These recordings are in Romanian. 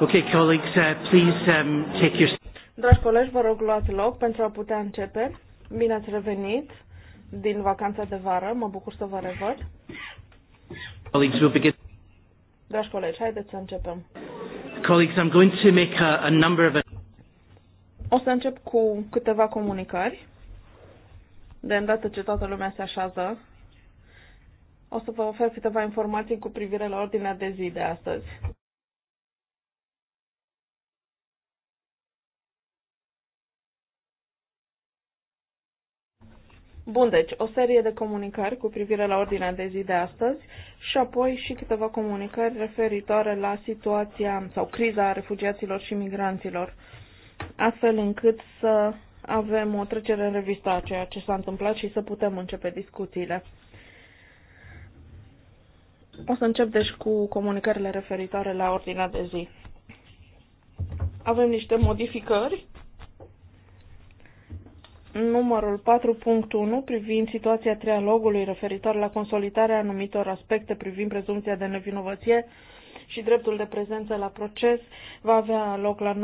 Okay, colleagues, uh, please um, take your... Dragi colegi, vă rog luați loc pentru a putea începe. Bine ați revenit din vacanța de vară. Mă bucur să vă revăd. Colleagues, we'll begin... Dragi colegi, haideți să începem. Colleagues, I'm going to make a, a number of... O să încep cu câteva comunicări. De îndată ce toată lumea se așează, o să vă ofer câteva informații cu privire la ordinea de zi de astăzi. Bun, deci o serie de comunicări cu privire la ordinea de zi de astăzi și apoi și câteva comunicări referitoare la situația sau criza refugiaților și migranților, astfel încât să avem o trecere în revistă a ceea ce s-a întâmplat și să putem începe discuțiile. O să încep deci cu comunicările referitoare la ordinea de zi. Avem niște modificări numărul 4.1 privind situația trialogului referitor la consolidarea anumitor aspecte privind prezumția de nevinovăție și dreptul de prezență la proces va avea loc la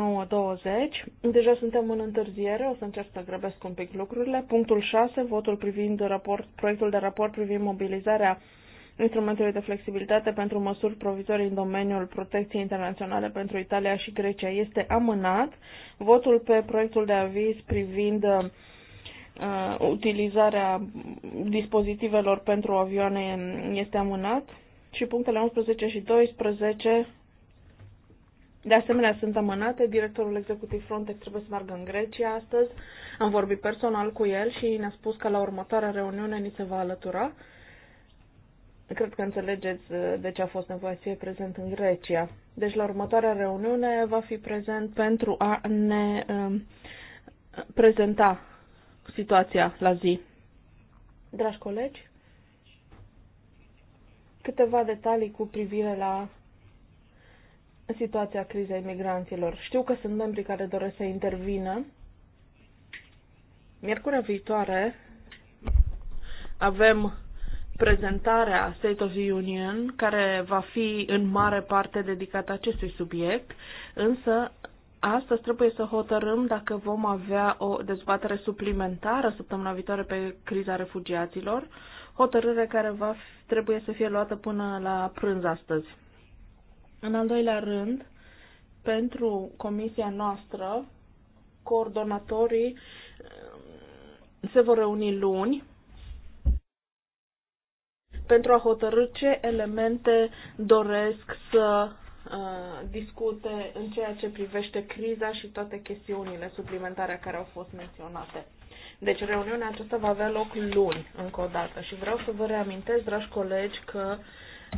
9.20. Deja suntem în întârziere, o să încerc să grăbesc un pic lucrurile. Punctul 6, votul privind raport, proiectul de raport privind mobilizarea instrumentului de flexibilitate pentru măsuri provizorii în domeniul protecției internaționale pentru Italia și Grecia este amânat. Votul pe proiectul de aviz privind uh, uh, utilizarea dispozitivelor pentru avioane este amânat și punctele 11 și 12 de asemenea, sunt amânate. Directorul executiv Frontex trebuie să meargă în Grecia astăzi. Am vorbit personal cu el și ne-a spus că la următoarea reuniune ni se va alătura. Cred că înțelegeți uh, de ce a fost nevoie să fie prezent în Grecia. Deci, la următoarea reuniune va fi prezent pentru a ne um, prezenta situația la zi. Dragi colegi, câteva detalii cu privire la situația crizei migranților. Știu că sunt membri care doresc să intervină. Miercurea viitoare avem prezentarea State of the Union, care va fi în mare parte dedicată acestui subiect, însă Astăzi trebuie să hotărâm dacă vom avea o dezbatere suplimentară săptămâna viitoare pe criza refugiaților, hotărâre care va trebuie să fie luată până la prânz astăzi. În al doilea rând, pentru comisia noastră, coordonatorii um, se vor reuni luni pentru a hotărâ ce elemente doresc să Uh, discute în ceea ce privește criza și toate chestiunile suplimentare care au fost menționate. Deci reuniunea aceasta va avea loc luni, încă o dată. Și vreau să vă reamintesc, dragi colegi, că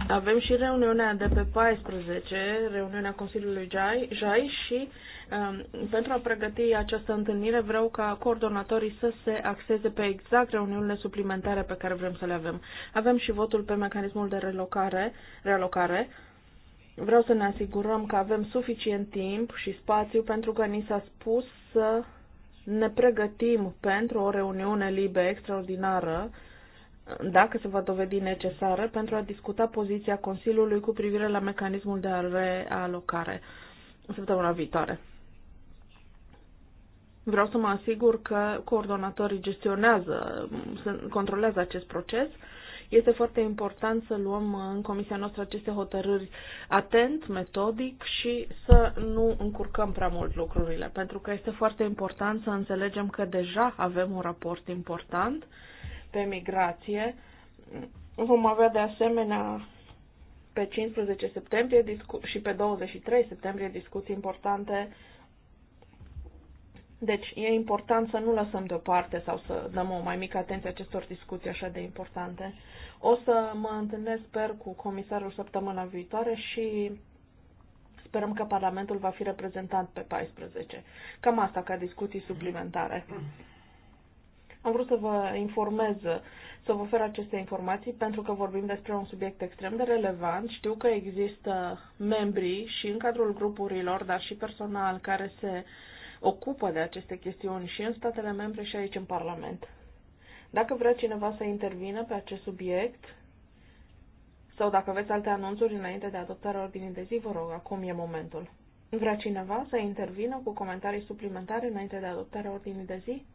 avem și reuniunea de pe 14, reuniunea Consiliului Jai, Jai și um, pentru a pregăti această întâlnire vreau ca coordonatorii să se axeze pe exact reuniunile suplimentare pe care vrem să le avem. Avem și votul pe mecanismul de relocare, relocare Vreau să ne asigurăm că avem suficient timp și spațiu pentru că ni s-a spus să ne pregătim pentru o reuniune libe extraordinară, dacă se va dovedi necesară, pentru a discuta poziția Consiliului cu privire la mecanismul de realocare săptămâna viitoare. Vreau să mă asigur că coordonatorii gestionează, controlează acest proces este foarte important să luăm în comisia noastră aceste hotărâri atent, metodic și să nu încurcăm prea mult lucrurile, pentru că este foarte important să înțelegem că deja avem un raport important pe migrație. Vom avea de asemenea pe 15 septembrie și pe 23 septembrie discuții importante deci e important să nu lăsăm deoparte sau să dăm o mai mică atenție acestor discuții așa de importante. O să mă întâlnesc, sper, cu comisarul săptămâna viitoare și sperăm că Parlamentul va fi reprezentat pe 14. Cam asta ca discuții suplimentare. Am vrut să vă informez, să vă ofer aceste informații pentru că vorbim despre un subiect extrem de relevant. Știu că există membrii și în cadrul grupurilor, dar și personal care se ocupă de aceste chestiuni și în statele membre și aici în Parlament. Dacă vrea cineva să intervină pe acest subiect sau dacă aveți alte anunțuri înainte de adoptarea ordinii de zi, vă rog, acum e momentul. Vrea cineva să intervină cu comentarii suplimentare înainte de adoptarea ordinii de zi?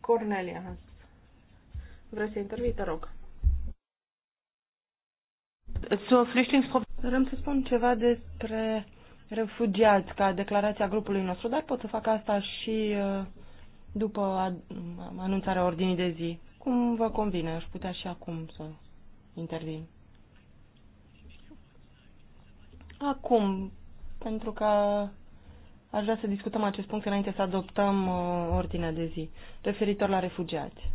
Cornelia Hans. să intervii, te rog. Vreau să spun ceva despre refugiați ca declarația grupului nostru, dar pot să fac asta și uh, după anunțarea ordinii de zi. Cum vă convine, aș putea și acum să intervin. Acum, pentru că aș vrea să discutăm acest punct înainte să adoptăm uh, ordinea de zi, referitor la refugiați.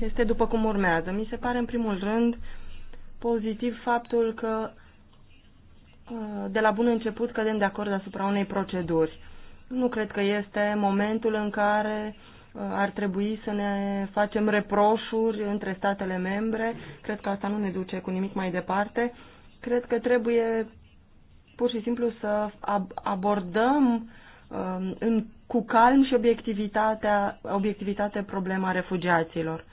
Este după cum urmează. Mi se pare, în primul rând, pozitiv faptul că uh, de la bun început cădem de acord asupra unei proceduri. Nu cred că este momentul în care uh, ar trebui să ne facem reproșuri între statele membre. Cred că asta nu ne duce cu nimic mai departe. Cred că trebuie pur și simplu să abordăm uh, cu calm și obiectivitatea, obiectivitate problema refugiaților.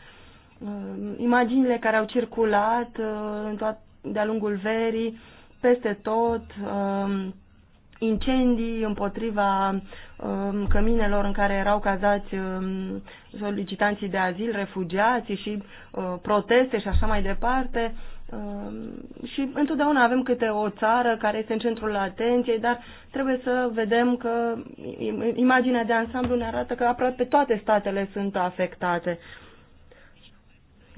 Uh, imaginile care au circulat uh, de-a lungul verii, peste tot, um, incendii împotriva um, căminelor în care erau cazați um, solicitanții de azil, refugiații și uh, proteste și așa mai departe. Și întotdeauna avem câte o țară care este în centrul atenției, dar trebuie să vedem că imaginea de ansamblu ne arată că aproape toate statele sunt afectate. Uh,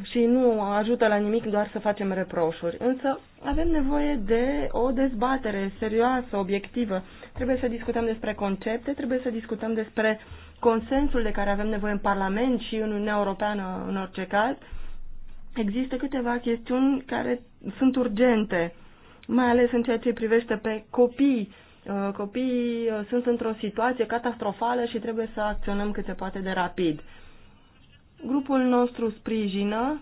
și nu ajută la nimic doar să facem reproșuri. Însă avem nevoie de o dezbatere serioasă, obiectivă. Trebuie să discutăm despre concepte, trebuie să discutăm despre consensul de care avem nevoie în Parlament și în Uniunea Europeană în orice caz. Există câteva chestiuni care sunt urgente, mai ales în ceea ce privește pe copii. Uh, copiii uh, sunt într-o situație catastrofală și trebuie să acționăm cât se poate de rapid Grupul nostru sprijină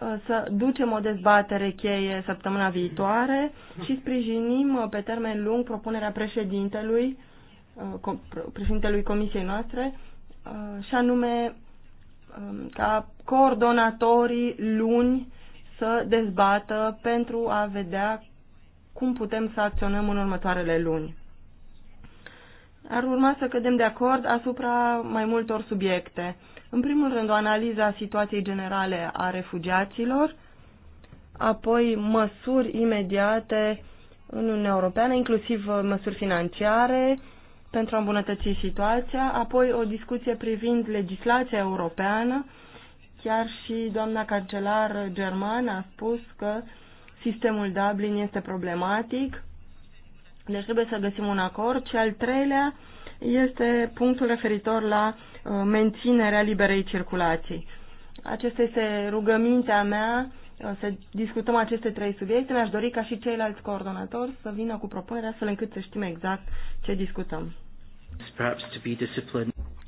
uh, să ducem o dezbatere cheie săptămâna viitoare și sprijinim uh, pe termen lung propunerea președintelui, uh, președintelui comisiei noastre și anume um, ca coordonatorii luni să dezbată pentru a vedea cum putem să acționăm în următoarele luni. Ar urma să cădem de acord asupra mai multor subiecte în primul rând, o analiză a situației generale a refugiaților, apoi măsuri imediate în Uniunea Europeană, inclusiv uh, măsuri financiare pentru a îmbunătăți situația, apoi o discuție privind legislația europeană. Chiar și doamna cancelar germană a spus că sistemul Dublin este problematic, deci trebuie să găsim un acord. Și al treilea este punctul referitor la Uh, menținerea liberei circulații. Acesta este rugămintea mea uh, să discutăm aceste trei subiecte. Mi-aș dori ca și ceilalți coordonatori să vină cu propunerea să încât să știm exact ce discutăm.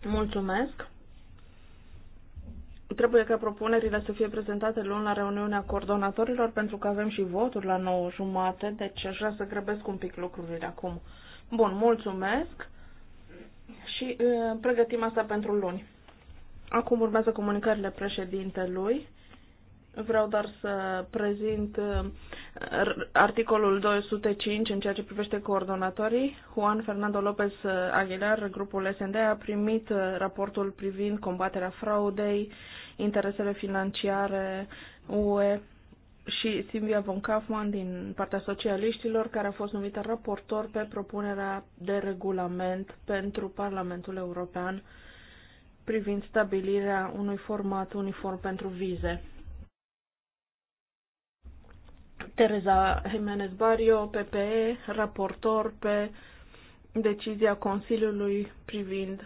Mulțumesc. Trebuie ca propunerile să fie prezentate luni la reuniunea coordonatorilor pentru că avem și voturi la 9 jumate, deci aș vrea să grăbesc un pic lucrurile acum. Bun, mulțumesc și uh, pregătim asta pentru luni. Acum urmează comunicările președintelui. Vreau doar să prezint uh, articolul 205 în ceea ce privește coordonatorii. Juan Fernando López uh, Aguilar, grupul SND, a primit uh, raportul privind combaterea fraudei, interesele financiare, UE și Silvia von Kaufmann din partea socialiștilor, care a fost numită raportor pe propunerea de regulament pentru Parlamentul European privind stabilirea unui format uniform pentru vize. Teresa Jimenez Barrio, PPE, raportor pe decizia Consiliului privind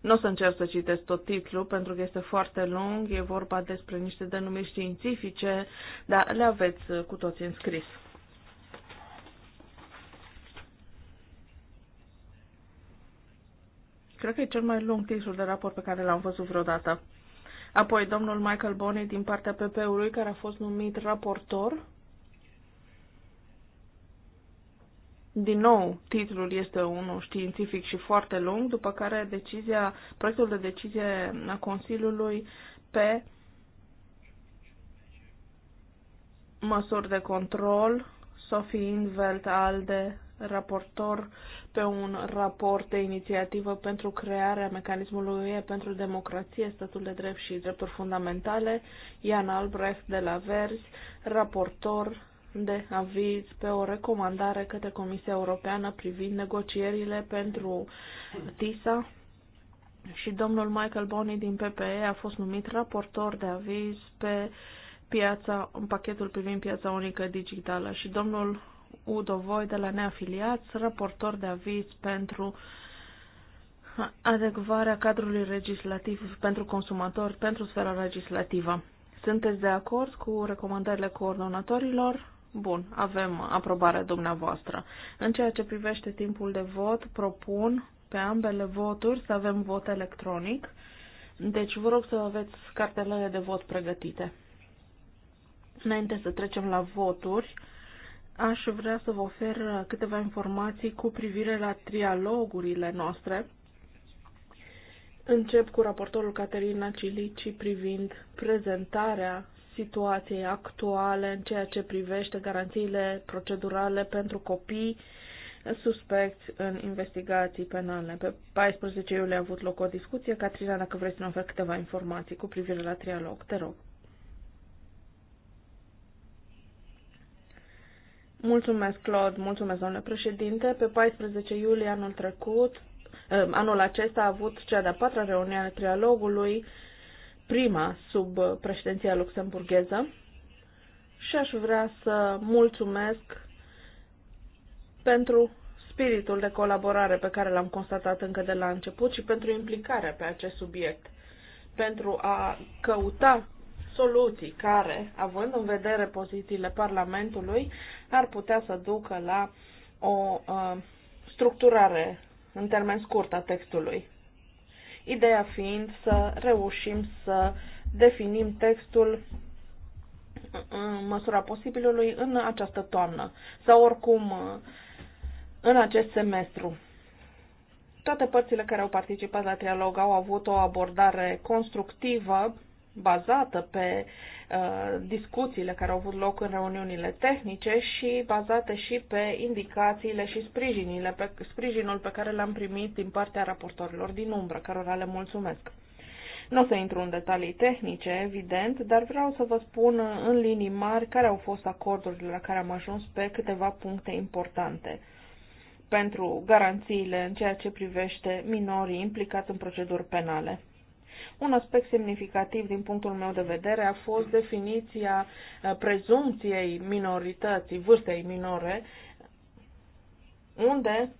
nu o să încerc să citesc tot titlul, pentru că este foarte lung, e vorba despre niște denumiri științifice, dar le aveți uh, cu toții înscris. Cred că e cel mai lung titlu de raport pe care l-am văzut vreodată. Apoi domnul Michael Bonney din partea PP-ului, care a fost numit raportor Din nou, titlul este unul științific și foarte lung, după care decizia, proiectul de decizie a Consiliului pe măsuri de control, Sophie Invelt Alde, raportor pe un raport de inițiativă pentru crearea mecanismului UE pentru democrație, statul de drept și drepturi fundamentale, Ian Albrecht de la Verzi, raportor de aviz pe o recomandare către Comisia Europeană privind negocierile pentru TISA și domnul Michael Boni din PPE a fost numit raportor de aviz pe piața, în pachetul privind piața unică digitală și domnul Udo Voi de la Neafiliați, raportor de aviz pentru adecvarea cadrului legislativ pentru consumatori pentru sfera legislativă. Sunteți de acord cu recomandările coordonatorilor? Bun, avem aprobarea dumneavoastră. În ceea ce privește timpul de vot, propun pe ambele voturi să avem vot electronic. Deci vă rog să aveți cartelele de vot pregătite. Înainte să trecem la voturi, aș vrea să vă ofer câteva informații cu privire la trialogurile noastre. Încep cu raportorul Caterina Cilici privind prezentarea situației actuale în ceea ce privește garanțiile procedurale pentru copii suspecți în investigații penale. Pe 14 iulie a avut loc o discuție. Catrina, dacă vreți să ne oferi câteva informații cu privire la trialog, te rog. Mulțumesc, Claude. Mulțumesc, domnule președinte. Pe 14 iulie anul trecut, eh, anul acesta a avut cea de-a patra reuniune a trialogului prima sub președinția luxemburgheză și aș vrea să mulțumesc pentru spiritul de colaborare pe care l-am constatat încă de la început și pentru implicarea pe acest subiect, pentru a căuta soluții care, având în vedere pozițiile Parlamentului, ar putea să ducă la o uh, structurare în termen scurt a textului ideea fiind să reușim să definim textul în măsura posibilului în această toamnă sau oricum uh, în acest semestru. Toate părțile care au participat la trialog au avut o abordare constructivă bazată pe Uh, discuțiile care au avut loc în reuniunile tehnice și bazate și pe indicațiile și sprijinile, pe, sprijinul pe care l-am primit din partea raportorilor din umbră, cărora le mulțumesc. Nu o să intru în detalii tehnice, evident, dar vreau să vă spun în linii mari care au fost acordurile la care am ajuns pe câteva puncte importante pentru garanțiile în ceea ce privește minorii implicați în proceduri penale. Un aspect semnificativ din punctul meu de vedere a fost definiția uh, prezumției minorității, vârstei minore, unde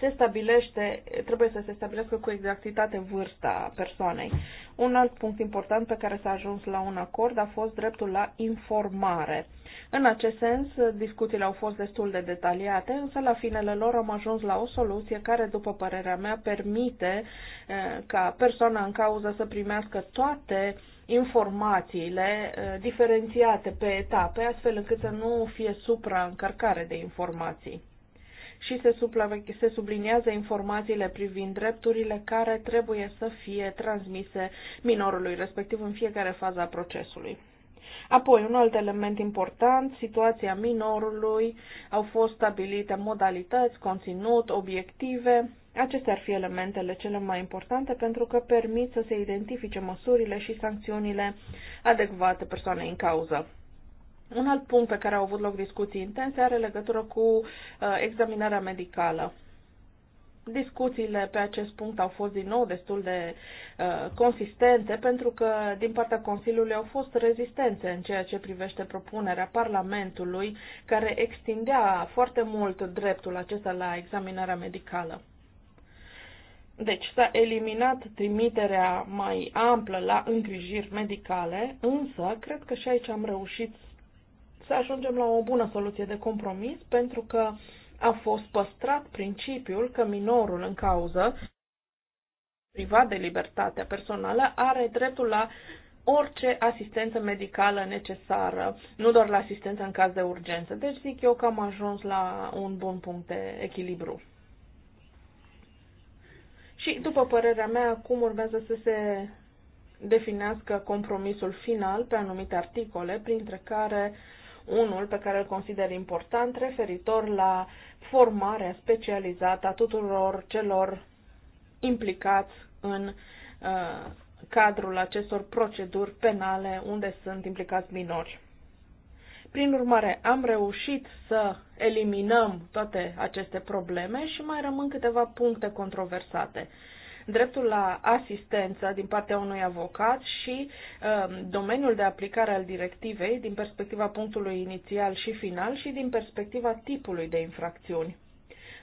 se stabilește, trebuie să se stabilească cu exactitate vârsta persoanei. Un alt punct important pe care s-a ajuns la un acord a fost dreptul la informare. În acest sens, discuțiile au fost destul de detaliate, însă la finele lor am ajuns la o soluție care, după părerea mea, permite eh, ca persoana în cauză să primească toate informațiile eh, diferențiate pe etape, astfel încât să nu fie supraîncărcare de informații și se, se subliniază informațiile privind drepturile care trebuie să fie transmise minorului, respectiv în fiecare fază a procesului. Apoi, un alt element important, situația minorului, au fost stabilite modalități, conținut, obiective. Acestea ar fi elementele cele mai importante pentru că permit să se identifice măsurile și sancțiunile adecvate persoanei în cauză. Un alt punct pe care au avut loc discuții intense are legătură cu uh, examinarea medicală. Discuțiile pe acest punct au fost din nou destul de uh, consistente pentru că din partea Consiliului au fost rezistențe în ceea ce privește propunerea Parlamentului care extindea foarte mult dreptul acesta la examinarea medicală. Deci s-a eliminat trimiterea mai amplă la îngrijiri medicale, însă cred că și aici am reușit să ajungem la o bună soluție de compromis, pentru că a fost păstrat principiul că minorul în cauză, privat de libertatea personală, are dreptul la orice asistență medicală necesară, nu doar la asistență în caz de urgență. Deci zic eu că am ajuns la un bun punct de echilibru. Și, după părerea mea, acum urmează să se definească compromisul final pe anumite articole, printre care uh, unul pe care îl consider important referitor la formarea specializată a tuturor celor implicați în uh, cadrul acestor proceduri penale unde sunt implicați minori. Prin urmare, am reușit să eliminăm toate aceste probleme și mai rămân câteva puncte controversate dreptul la asistență din partea unui avocat și um, domeniul de aplicare al directivei din perspectiva punctului inițial și final și din perspectiva tipului de infracțiuni.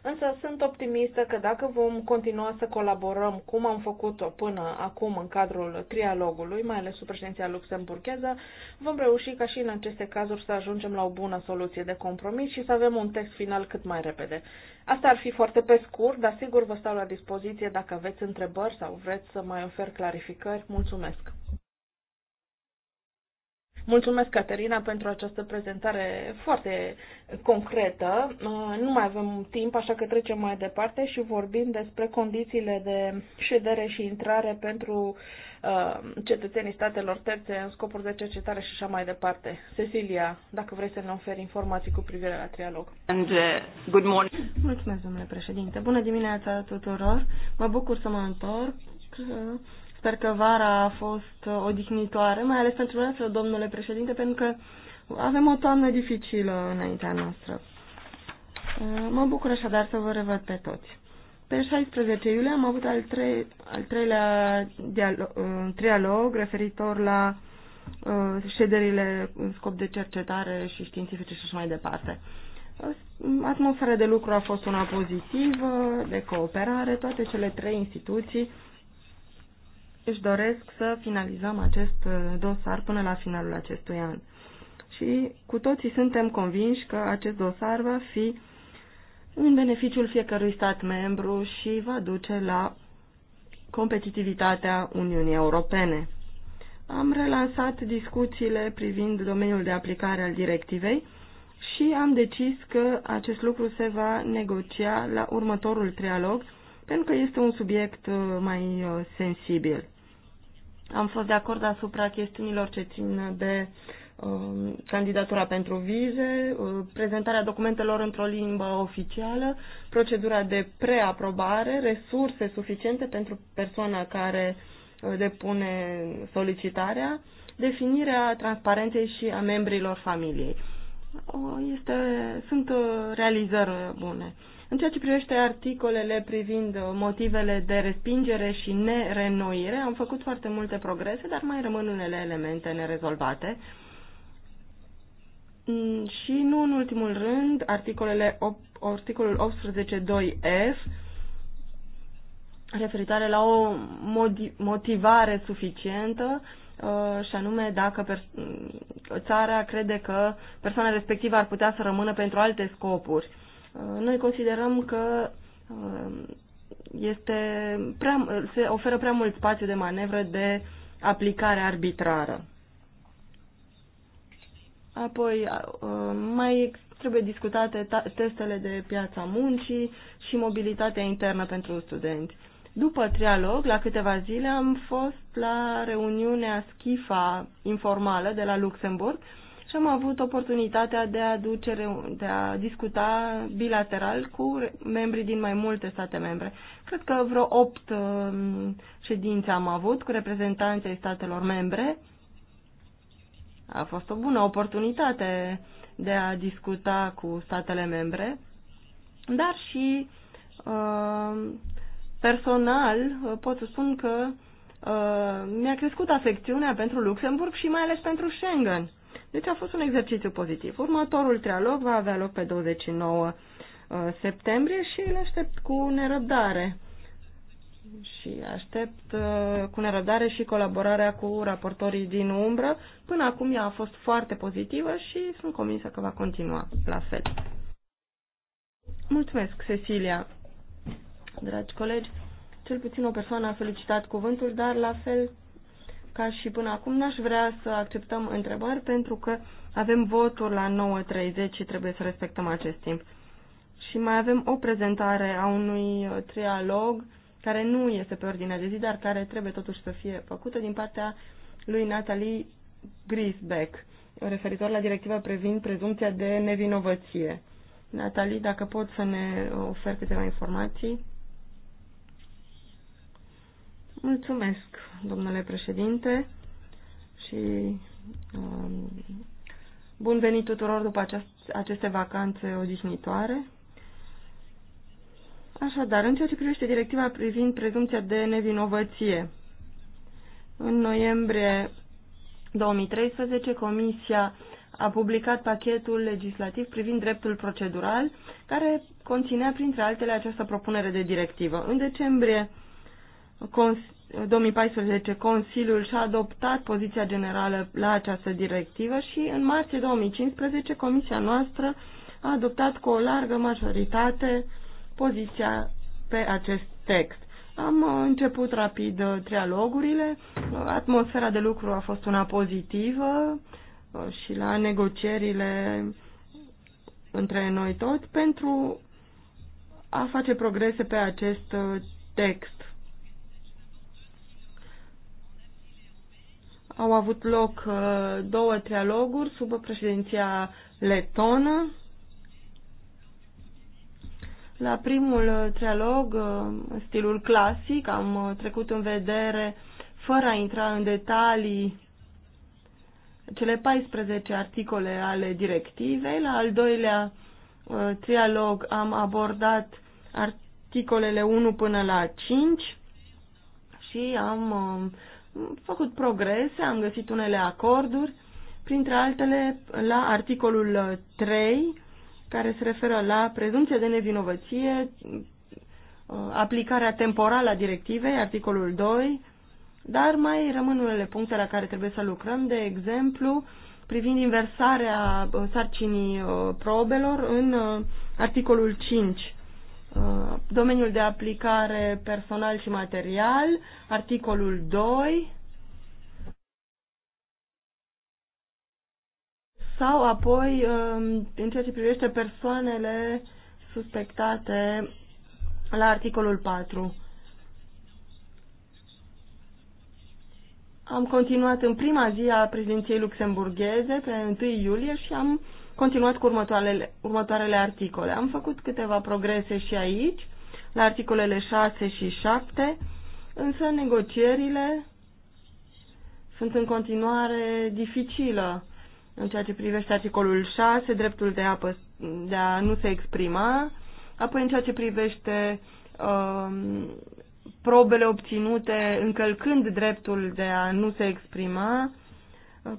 Însă sunt optimistă că dacă vom continua să colaborăm cum am făcut-o până acum în cadrul trialogului, mai ales sub președinția luxemburgheză, vom reuși ca și în aceste cazuri să ajungem la o bună soluție de compromis și să avem un text final cât mai repede. Asta ar fi foarte pe scurt, dar sigur vă stau la dispoziție dacă aveți întrebări sau vreți să mai ofer clarificări. Mulțumesc! Mulțumesc, Caterina, pentru această prezentare foarte concretă. Uh, nu mai avem timp, așa că trecem mai departe și vorbim despre condițiile de ședere și intrare pentru uh, cetățenii statelor terțe în scopuri de cercetare și așa mai departe. Cecilia, dacă vrei să ne oferi informații cu privire la trialog. And, uh, good morning. Mulțumesc, domnule președinte. Bună dimineața tuturor. Mă bucur să mă întorc uh, Sper că vara a fost uh, odihnitoare, mai ales pentru noi, domnule președinte, pentru că avem o toamnă dificilă înaintea noastră. Uh, mă bucur așadar să vă revăd pe toți. Pe 16 iulie am avut al, tre al treilea dialog, uh, trialog referitor la șederile în scop de cercetare și științifice și așa mai departe. Atmosfera de lucru a fost una pozitivă, de cooperare, toate cele trei instituții își doresc să finalizăm acest uh, dosar până la finalul acestui an. Și cu toții suntem convinși că acest dosar va fi în beneficiul fiecărui stat membru și va duce la competitivitatea Uniunii Europene. Am relansat discuțiile privind domeniul de aplicare al directivei și am decis că acest lucru se va negocia la următorul trialog, pentru că este un subiect uh, mai uh, sensibil. Am fost de acord asupra chestiunilor ce țin de um, candidatura pentru vize, uh, prezentarea documentelor într-o limbă oficială, procedura de preaprobare, resurse suficiente pentru persoana care uh, depune solicitarea, definirea transparenței și a membrilor familiei. Uh, este, sunt realizări bune. În ceea ce privește articolele privind motivele de respingere și nerenoire, am făcut foarte multe progrese, dar mai rămân unele elemente nerezolvate. Mm, și nu în ultimul rând, articolele, articolul 18.2f referitoare la o motivare suficientă uh, și anume dacă mm, țara crede că persoana respectivă ar putea să rămână pentru alte scopuri Uh, noi considerăm că uh, este prea, se oferă prea mult spațiu de manevră de aplicare arbitrară. Apoi uh, mai trebuie discutate testele de piața muncii și mobilitatea internă pentru studenți. După trialog, la câteva zile, am fost la reuniunea Schifa informală de la Luxemburg, și am avut oportunitatea de a, duce, de a discuta bilateral cu membrii din mai multe state membre. Cred că vreo opt um, ședințe am avut cu reprezentanții statelor membre. A fost o bună oportunitate de a discuta cu statele membre, dar și um, personal uh, pot să spun că uh, mi-a crescut afecțiunea pentru Luxemburg și mai ales pentru Schengen. Deci a fost un exercițiu pozitiv. Următorul trialog va avea loc pe 29 uh, septembrie și îl aștept cu nerăbdare. Și aștept uh, cu nerăbdare și colaborarea cu raportorii din umbră. Până acum ea a fost foarte pozitivă și sunt convinsă că va continua la fel. Mulțumesc, Cecilia. Dragi colegi, cel puțin o persoană a felicitat cuvântul, dar la fel ca și până acum, n-aș vrea să acceptăm întrebări pentru că avem voturi la 9.30 și trebuie să respectăm acest timp. Și mai avem o prezentare a unui trialog care nu este pe ordinea de zi, dar care trebuie totuși să fie făcută din partea lui Natalie Grisbeck, referitor la directiva privind prezumția de nevinovăție. Natalie, dacă pot să ne oferi câteva informații. Mulțumesc, domnule președinte, și um, bun venit tuturor după aceast, aceste vacanțe odihnitoare. Așadar, în ceea ce privește directiva privind prezumția de nevinovăție, în noiembrie 2013 Comisia a publicat pachetul legislativ privind dreptul procedural, care conținea, printre altele, această propunere de directivă. În decembrie 2014 Consiliul și-a adoptat poziția generală la această directivă și în martie 2015 Comisia noastră a adoptat cu o largă majoritate poziția pe acest text. Am început rapid uh, trialogurile, atmosfera de lucru a fost una pozitivă uh, și la negocierile între noi toți pentru a face progrese pe acest uh, text. Au avut loc uh, două trialoguri sub președinția letonă. La primul uh, trialog, uh, stilul clasic, am trecut în vedere, fără a intra în detalii, cele 14 articole ale directivei. La al doilea trialog am abordat articolele 1 până la 5 și am făcut progrese, am găsit unele acorduri, printre altele la articolul 3, uh, care se referă la prezumția de nevinovăție, uh, aplicarea temporală a directivei, articolul 2, dar mai rămân unele puncte la care trebuie să lucrăm, de exemplu, privind inversarea uh, sarcinii probelor în articolul 5. Uh, domeniul de aplicare personal și material, articolul 2, sau apoi um, în ceea ce privește persoanele suspectate la articolul 4. Am continuat în prima zi a președinției luxemburgheze pe 1 iulie și am continuat cu următoarele, următoarele articole. Am făcut câteva progrese și aici, la articolele 6 și 7, însă negocierile sunt în continuare dificilă în ceea ce privește articolul 6, dreptul de a, pă, de a nu se exprima, apoi în ceea ce privește um, probele obținute încălcând dreptul de a nu se exprima,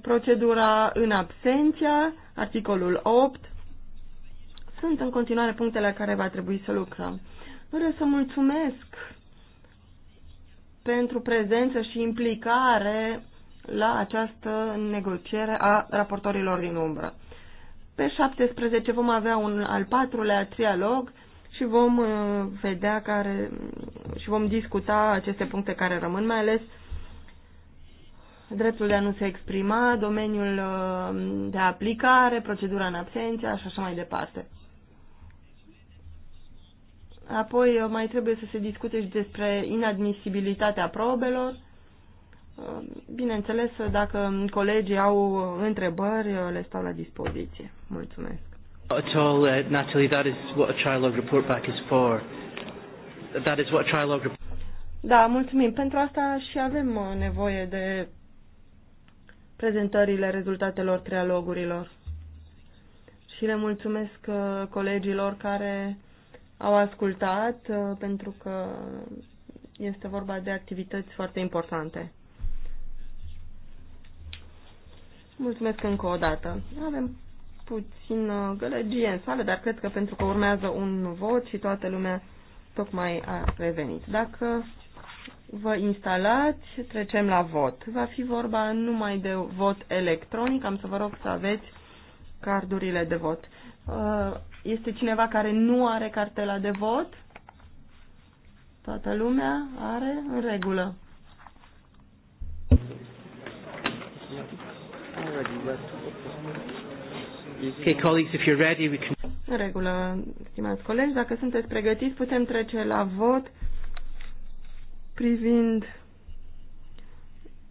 procedura în absenția, articolul 8. Sunt în continuare punctele la care va trebui să lucrăm. Vreau să mulțumesc pentru prezență și implicare la această negociere a raportorilor din umbră. Pe 17 vom avea un al patrulea trialog și vom uh, vedea care și vom discuta aceste puncte care rămân, mai ales dreptul de a nu se exprima, domeniul uh, de aplicare, procedura în absență și așa mai departe. Apoi uh, mai trebuie să se discute și despre inadmisibilitatea probelor. Uh, bineînțeles, dacă colegii au întrebări, le stau la dispoziție. Mulțumesc. At all, uh, Natalie, that is what a trilogue report back is for. That is what a trilogue. report... Da, mulțumim. Pentru asta și avem nevoie de prezentările rezultatelor trialogurilor. Și le mulțumesc uh, colegilor care au ascultat, uh, pentru că este vorba de activități foarte importante. Mulțumesc încă o dată. Avem puțin uh, gălăgie în sală, dar cred că pentru că urmează un vot și toată lumea tocmai a revenit. Dacă Vă instalați, trecem la vot. Va fi vorba numai de vot electronic, am să vă rog să aveți cardurile de vot. Uh, este cineva care nu are cartela de vot? Toată lumea are în regulă. Okay, colleagues, if you're ready, we can... În regulă, stimați colegi, dacă sunteți pregătiți, putem trece la vot privind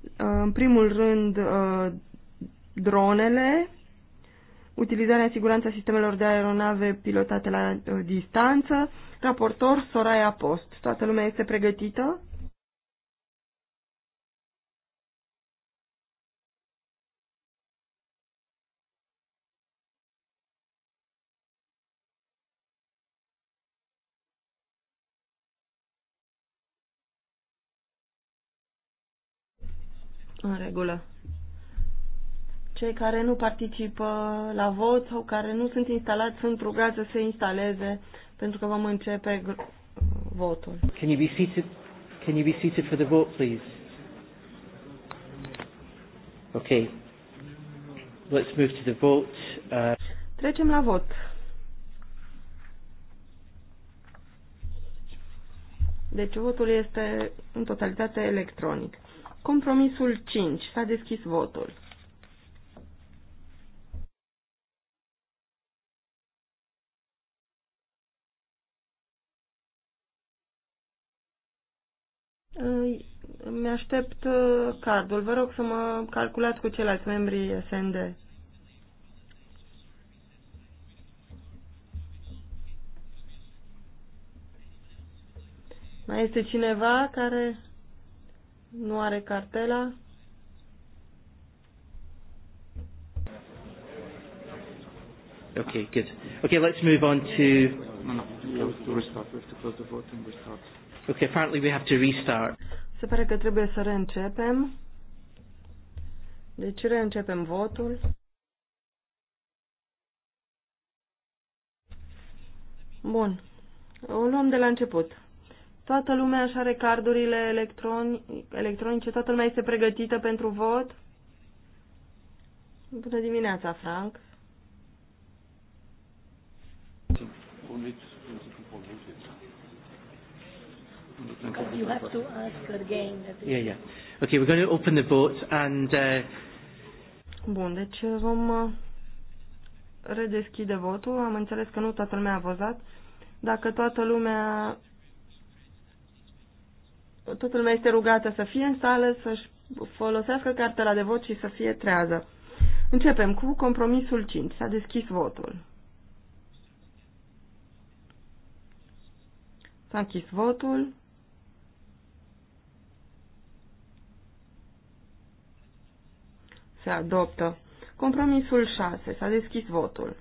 uh, în primul rând uh, dronele, utilizarea în siguranța sistemelor de aeronave pilotate la uh, distanță, raportor Soraya Post. Toată lumea este pregătită? În regulă. Cei care nu participă la vot sau care nu sunt instalați sunt rugați să se instaleze pentru că vom începe votul. Can you be seated? Can you be seated for the vote, please? Okay. Let's move to the vote. Uh... Trecem la vot. Deci votul este în totalitate electronic. Compromisul 5. S-a deschis votul. Mi-aștept uh, cardul. Vă rog să mă calculați cu ceilalți membri SND. Mai este cineva care nu are cartela. Okay, good. Okay, let's move on to... No, no, we have to restart. We have to close the vote and restart. Okay, apparently we have to restart. Se pare că trebuie să reîncepem. Deci reîncepem votul. Bun. O luăm de la început. Toată lumea așa are cardurile electroni, electronice, toată lumea este pregătită pentru vot. Bună dimineața, Frank! You have to ask again. Yeah, yeah. Okay, we're going to open the vote and. Uh... Bun, deci vom uh, redeschide votul. Am înțeles că nu toată lumea a votat. Dacă toată lumea toată lumea este rugată să fie în sală, să-și folosească cartela de vot și să fie trează. Începem cu compromisul 5. S-a deschis votul. S-a închis votul. Se adoptă. Compromisul 6. S-a deschis votul.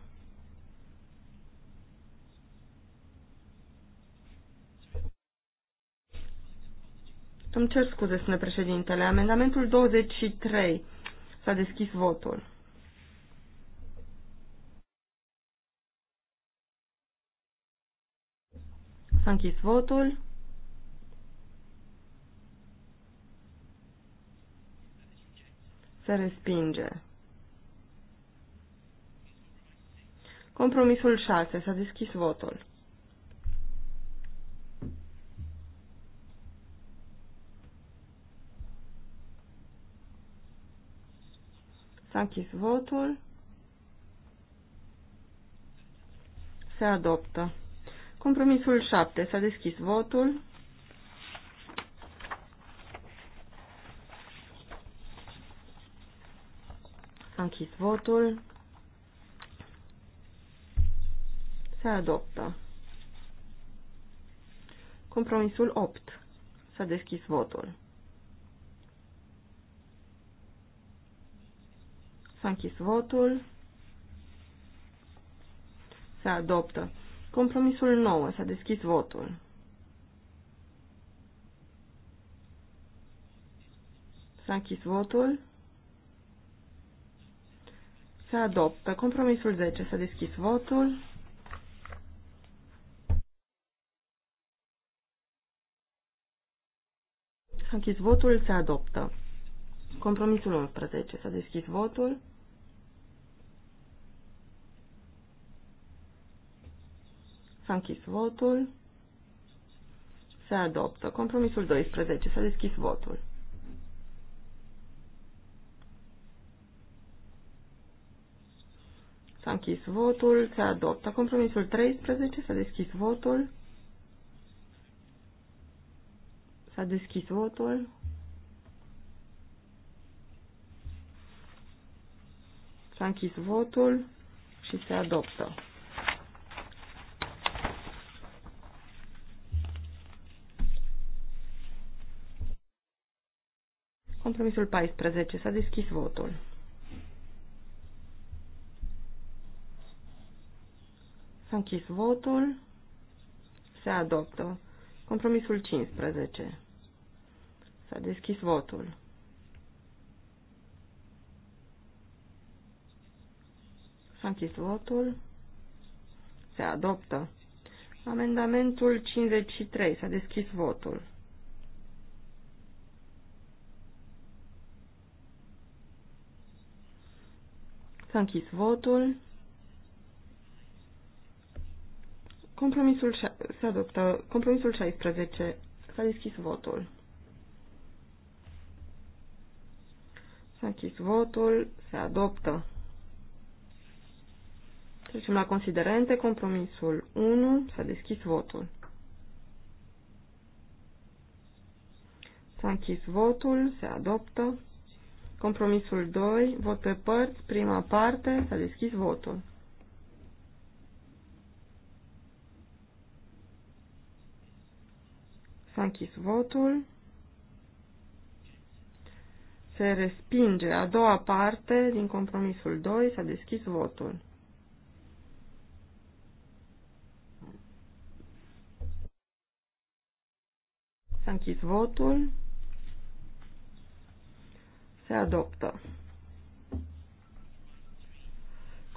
Îmi cer scuze, spune președintele. Amendamentul 23. S-a deschis votul. S-a închis votul. Se respinge. Compromisul 6. S-a deschis votul. S-a închis votul. Se adoptă. Compromisul 7. S-a deschis votul. S-a închis votul. Se adoptă. Compromisul 8. S-a deschis votul. S-a închis votul. Se adoptă. Compromisul 9. S-a deschis votul. S-a închis votul. Se adoptă. Compromisul 10. S-a deschis votul. S-a închis votul. Se adoptă. Compromisul 11. S-a deschis votul. S-a închis votul. Se adoptă. Compromisul 12. S-a deschis votul. S-a închis votul. Se adoptă. Compromisul 13. S-a deschis votul. S-a deschis votul. S-a închis votul și se adoptă. Compromisul 14. S-a deschis votul. S-a închis votul. Se adoptă. Compromisul 15. S-a deschis votul. S-a închis votul. Se adoptă. Amendamentul 53. S-a deschis votul. S-a închis votul. Compromisul se adoptă. Compromisul 16. S-a deschis votul. S-a închis votul. Se adoptă. Trecem la considerente. Compromisul 1. S-a deschis votul. S-a închis votul. Se adoptă. Compromisul 2, vot pe părți, prima parte, s-a deschis votul. S-a închis votul. Se respinge a doua parte din compromisul 2, s-a deschis votul. S-a închis votul. Se adoptă.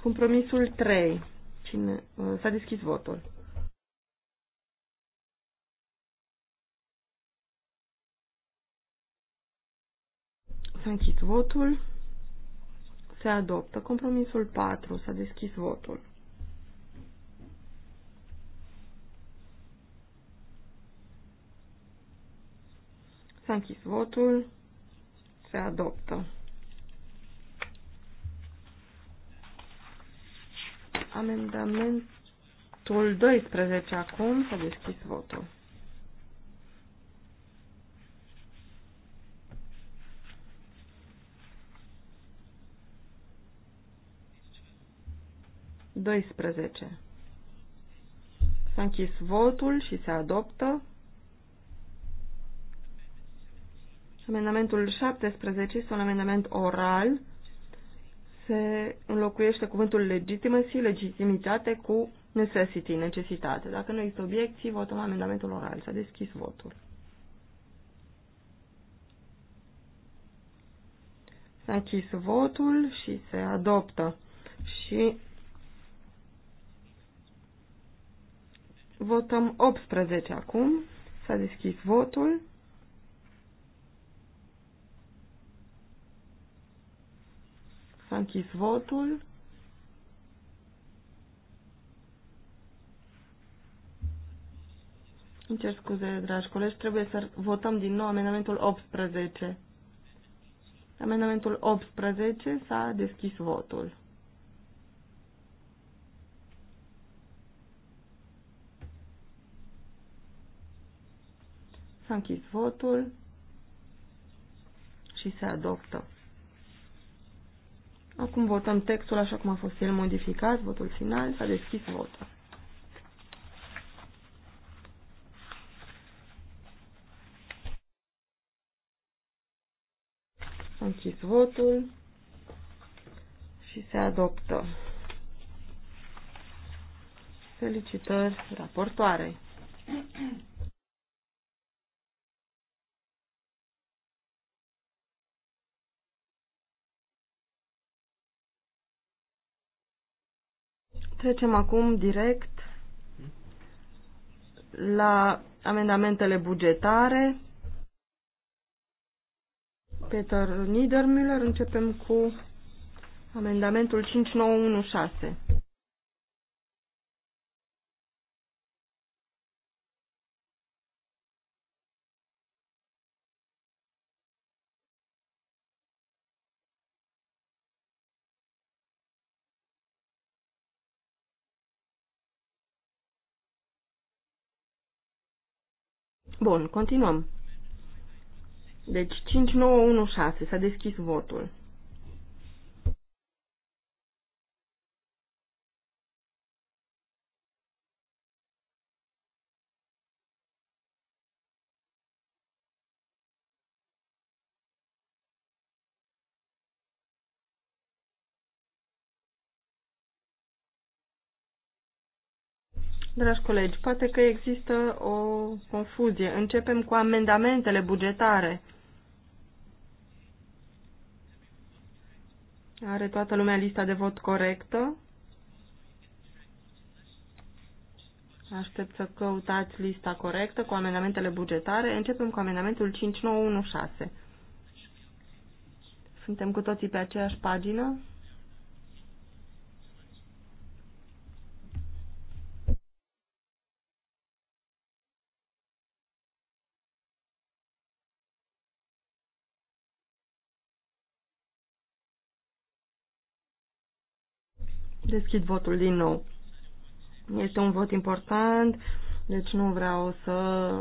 Compromisul 3. Cine... Uh, s-a deschis votul. S-a închis votul. Se adoptă. Compromisul 4. S-a deschis votul. S-a închis votul se adoptă. Amendamentul 12 acum s-a deschis votul. Doisprezece. S-a închis votul și se adoptă. Amendamentul 17 este un amendament oral. Se înlocuiește cuvântul legitimacy, legitimitate cu necessity, necesitate. Dacă nu există obiecții, votăm amendamentul oral. S-a deschis votul. S-a închis votul și se adoptă. Și votăm 18 acum. S-a deschis votul. S-a închis votul. Îmi cer scuze, dragi colegi, trebuie să votăm din nou amendamentul 18. Amendamentul 18 s-a deschis votul. S-a închis votul și se adoptă. Acum votăm textul așa cum a fost el modificat, votul final, s-a deschis votul. S-a închis votul și se adoptă. Felicitări raportoarei. Trecem acum direct la amendamentele bugetare. Peter Niedermüller, începem cu amendamentul 5916. Bun, continuăm. Deci 5916 s-a deschis votul. Dragi colegi, poate că există o confuzie. Începem cu amendamentele bugetare. Are toată lumea lista de vot corectă? Aștept să căutați lista corectă cu amendamentele bugetare. Începem cu amendamentul 5916. Suntem cu toții pe aceeași pagină? Deschid votul din nou. Este un vot important, deci nu vreau să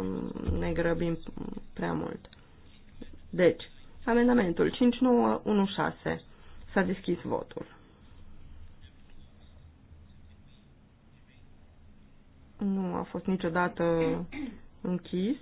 ne grăbim prea mult. Deci, amendamentul 5916. S-a deschis votul. Nu a fost niciodată închis.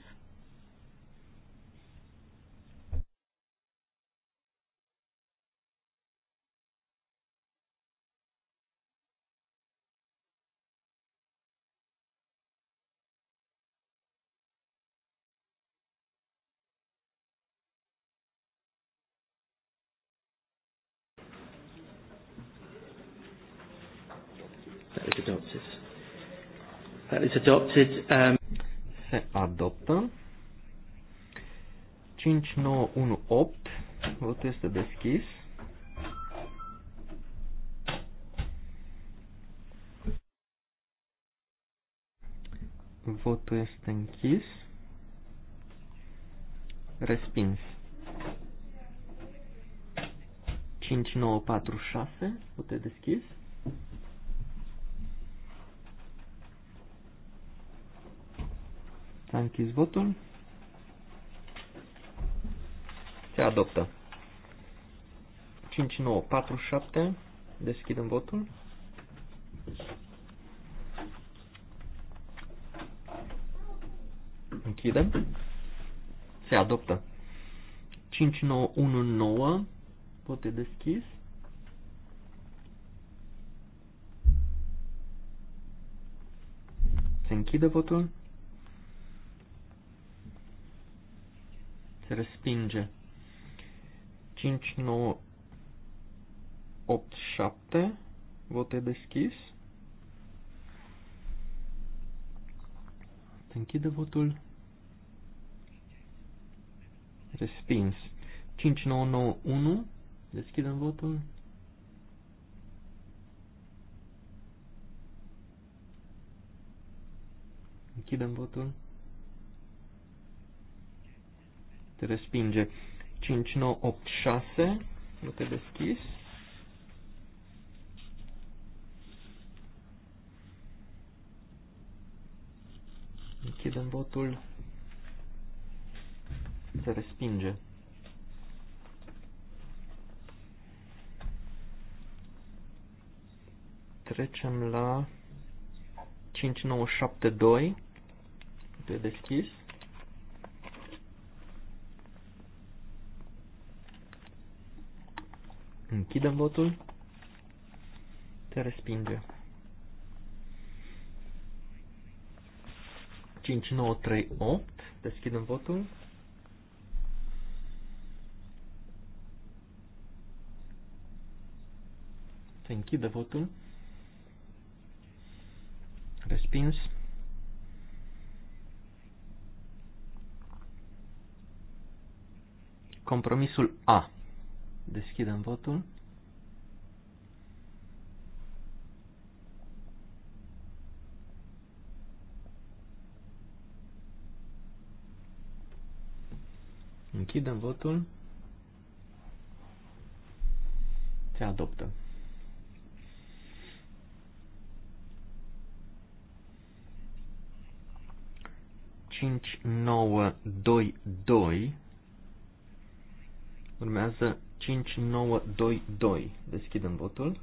adopted. Um... Se adoptă. 5918. Votul este deschis. Votul este închis. Respins. 5946. Votul este deschis. S-a închis votul. Se adoptă. 5947. Deschidem votul. Închidem. Se adoptă. 5919. Vot e deschis. Se închide votul. Se respinge. 5, 9, 8, 7. Vot e deschis. Se închide votul. Respins. 5, 9, 9, 1, Deschidem votul. Închidem votul. te respinge. 5986, te deschis. Închidem votul. Se respinge. Trecem la 5972. Te deschis. Închidem votul. Te respinge. 8. Deschidem votul. Se închide votul. Respins. Compromisul A. Deschidem votul. Închidem votul. Se adoptă. cinci nouă doi doi Urmează 5922. Deschidem votul.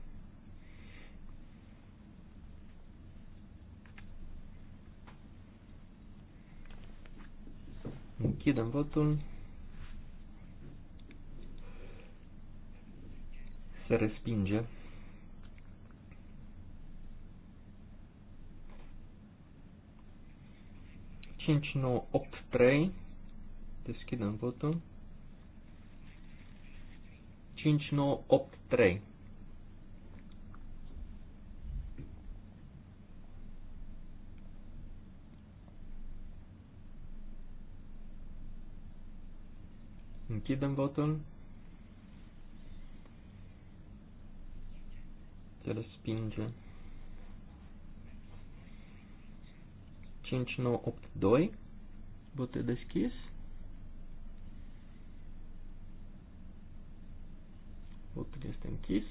Închidem votul. Se respinge. Cinci, nouă, opt, trei. Deschidem votul. 5983. Închidem votul. Se respinge. 5982. Vot deschis. închis.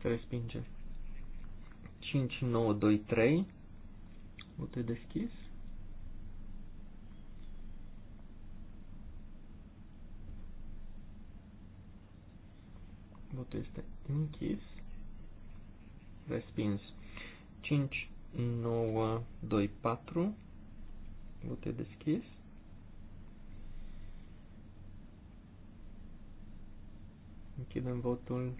Se respinge. 5, 9, 2, 3. Votul deschis. Votul este închis. Respins. 5, 9, 2, 4. Votul deschis. Închidem votul.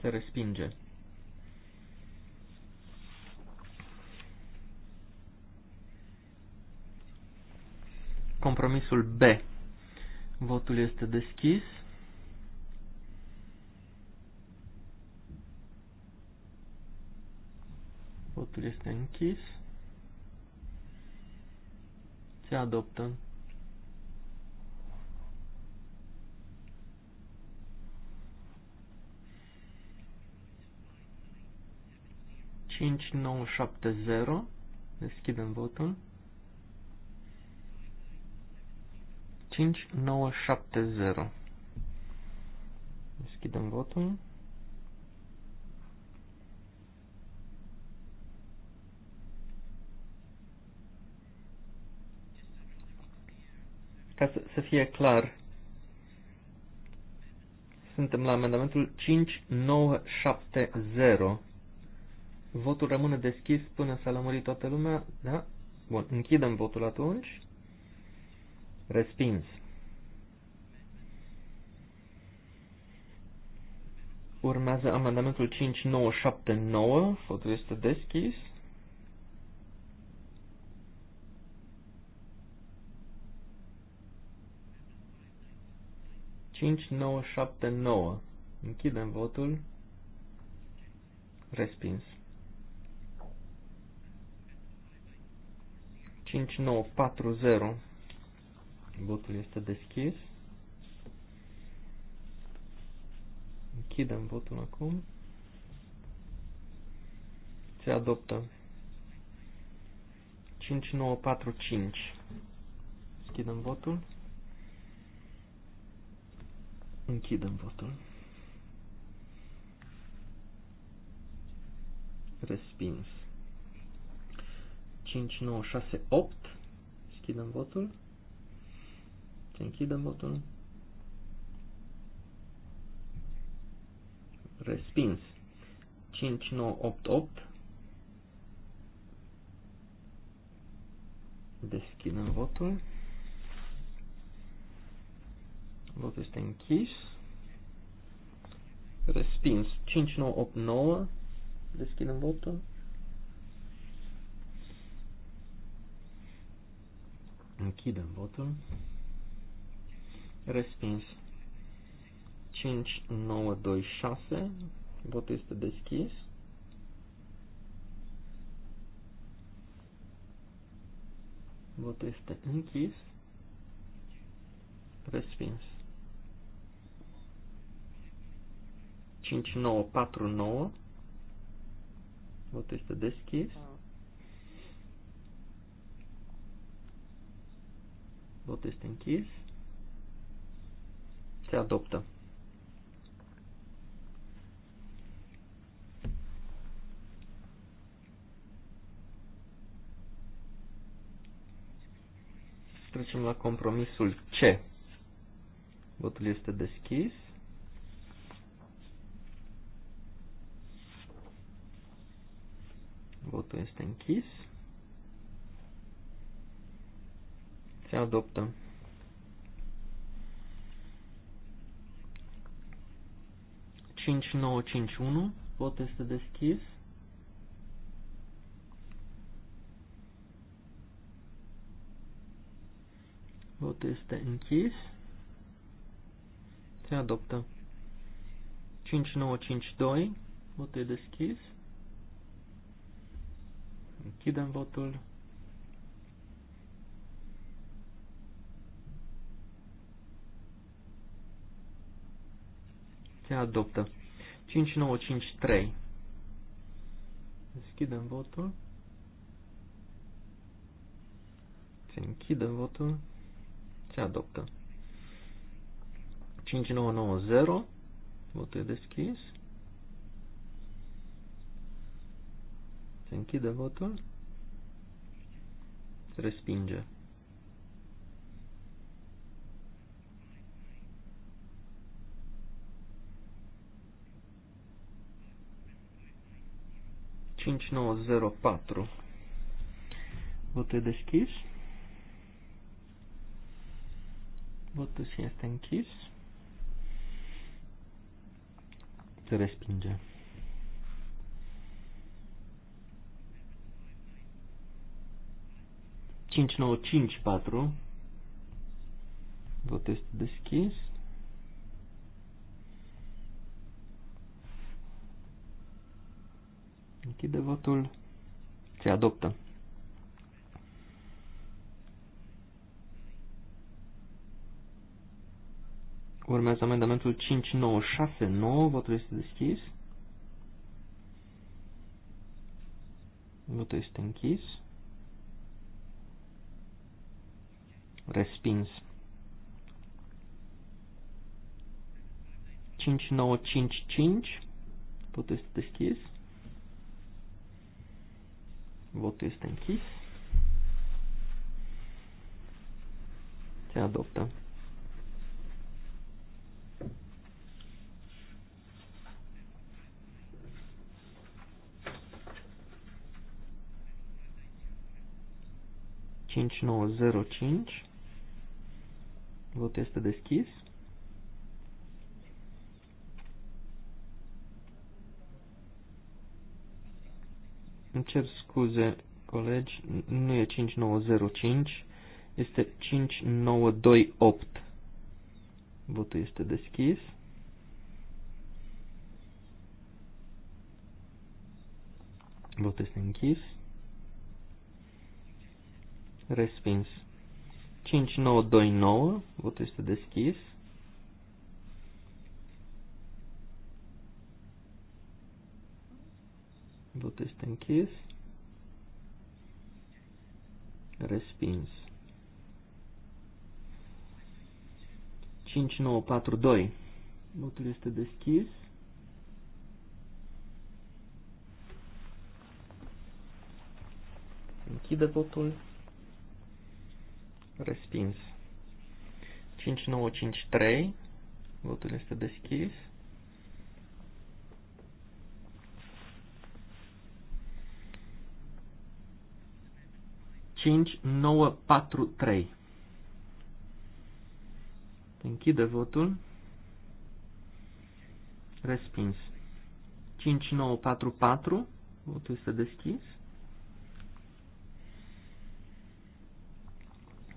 Se respinge. Compromisul B. Votul este deschis. Votul este închis. Se adoptă. 5970. Deschidem votul. 5970. Deschidem votul. Ca să, să fie clar, suntem la amendamentul 5970. Votul rămâne deschis până s-a lămurit toată lumea, da? Bun, închidem votul atunci. Respins. Urmează amendamentul 5979, votul este deschis. Cinci, nouă, șapte, nouă. Închidem votul. Respins. 5940. Botul este deschis. Închidem botul acum. Se adoptă. 5945. Închidem votul. Închidem votul. Respins. 5968. Deschidem votul. Se închidem votul. Respins. 5988. Deschidem votul. Votul este închis. Respins. 9. Deschidem votul. Închidem votul. Respins. 5, 9, 2, 6. Votul este deschis. Votul este închis. Respins. 5949. Votul este deschis. Vot este închis. Se adoptă. Trecem la compromisul C. Votul este deschis. Votul este închis. Se adoptă. Cinci nouă cinci unu. Pot este deschis. Votul este închis. Se adoptă. 5952. Votul e deschis. Închidem votul. Se adoptă. 5953. Deschidem votul. Se închide votul. Se adoptă. 5990. Votul e deschis. Se închide votul. Se respinge. 5904. Vă te deschis. Votul este închis. Se respinge. Cinci nouă cinci patru. Votul este deschis. Închide votul. Se adoptă. Urmează amendamentul 5969. Votul este deschis. Votul este închis. Respins. 5955. Votul este deschis. Votul este închis. Se adoptă. Cinci nouă zero cinci. Votul este deschis. Îmi cer scuze, colegi, nu e 5905, este 5928. Votul este deschis. Votul este închis. Respins. 5929, votul este deschis. Votul este închis. Respins. 5942. Votul este deschis. Închide votul. Respins. 5953. Votul este deschis. 5943. Închide votul. Respins. 5944. Votul este deschis.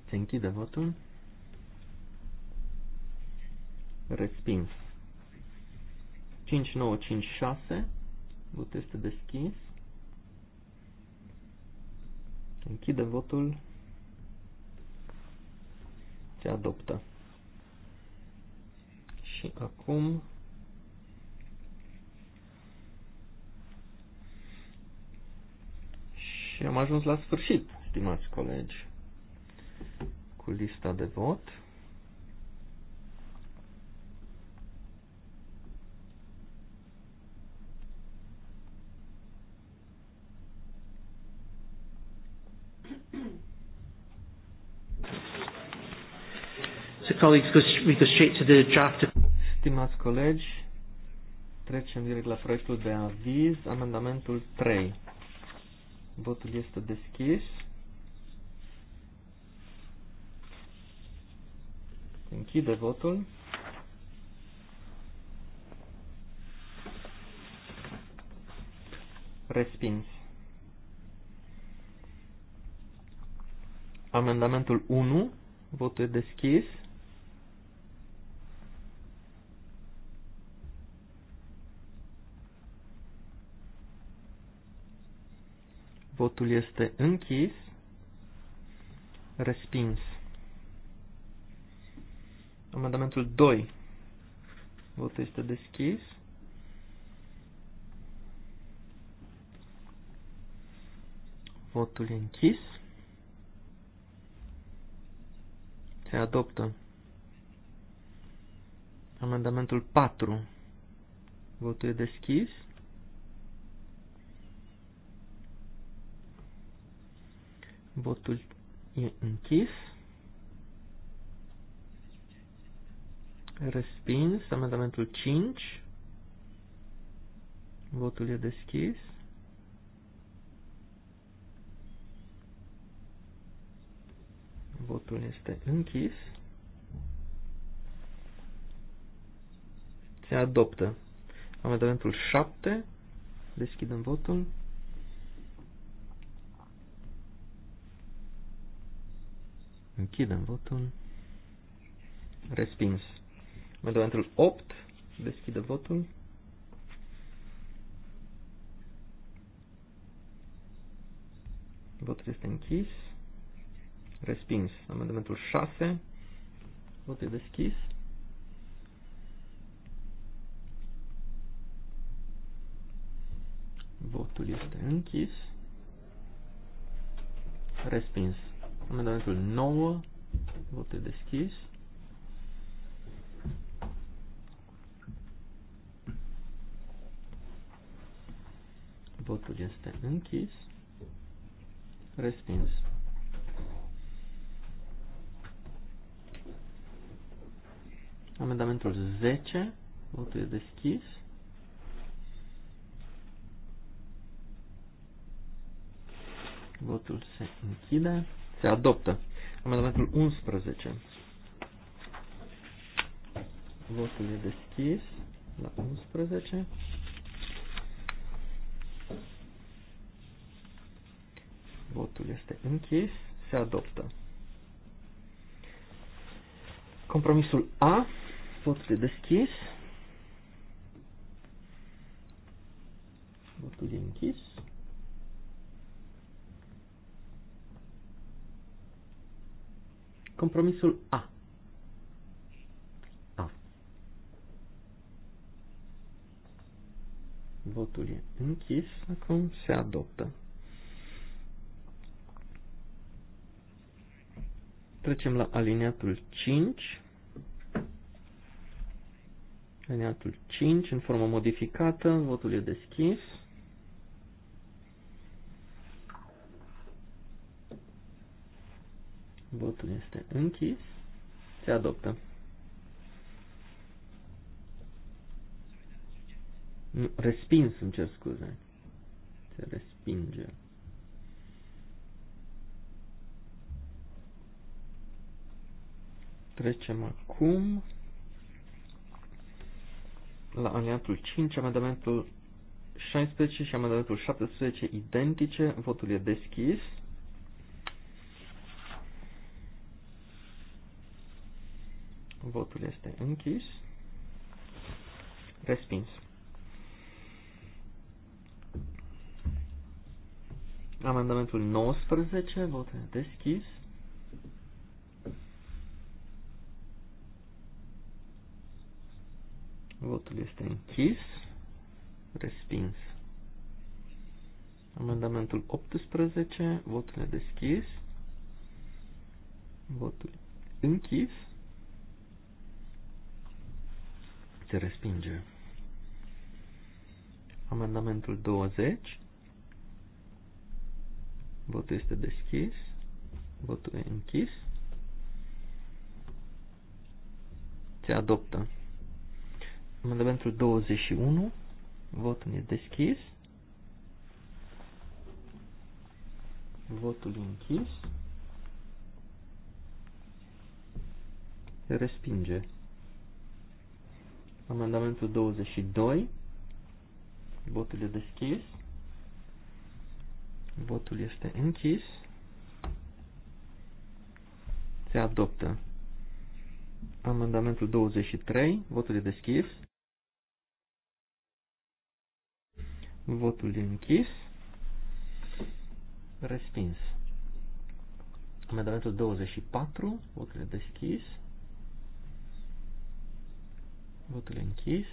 Se închide votul. Respins. 5956. Votul este deschis. Închide votul. Se adoptă. Și acum și am ajuns la sfârșit, stimați colegi, cu lista de vot. colleagues, we go straight to the draft. Stimați colegi, trecem direct la proiectul de aviz, amendamentul 3. Votul este deschis. Închide votul. Respins. Amendamentul 1. Votul deschis. Votul este închis. Respins. Amendamentul 2. Votul este deschis. Votul e închis. Se adoptă. Amendamentul 4. Votul e deschis. Botul e închis. Respins amendamentul 5. Votul e deschis. Votul este închis. Se adoptă. Amendamentul 7. Deschidem votul. Închidem votul. Respins. Amendamentul 8. Deschide votul. Votul este închis. Respins. Amendamentul 6. Votul este deschis. Votul este închis. Respins. Amendamentul 9. vote deschis. Votul este închis. Respins. Amendamentul 10. Votul este deschis. Votul se închide. Se adoptă. Amendamentul 11. Votul e deschis la 11. Votul este închis. Se adoptă. Compromisul A. Votul e deschis. Votul e închis. Compromisul A. A. Votul e închis, acum se adoptă. Trecem la aliniatul 5. Aliniatul 5 în formă modificată, votul e deschis. Votul este închis. Se adoptă. Nu, respins, îmi cer scuze. Se respinge. Trecem acum la aliatul 5, amendamentul 16 și amendamentul 17 identice. Votul e deschis. Votul este închis. Respins. Amendamentul 19, vot deschis. Votul este închis. Respins. Amendamentul 18, votul deschis. Votul închis. se respinge. Amendamentul 20. Votul este deschis. Votul e închis. Se adoptă. Amendamentul 21. Votul e deschis. Votul e închis. Se respinge. Amendamentul 22. Votul e deschis. Votul este închis. Se adoptă. Amendamentul 23. Votul e deschis. Votul e închis. Respins. Amendamentul 24. Votul e deschis. Votul închis.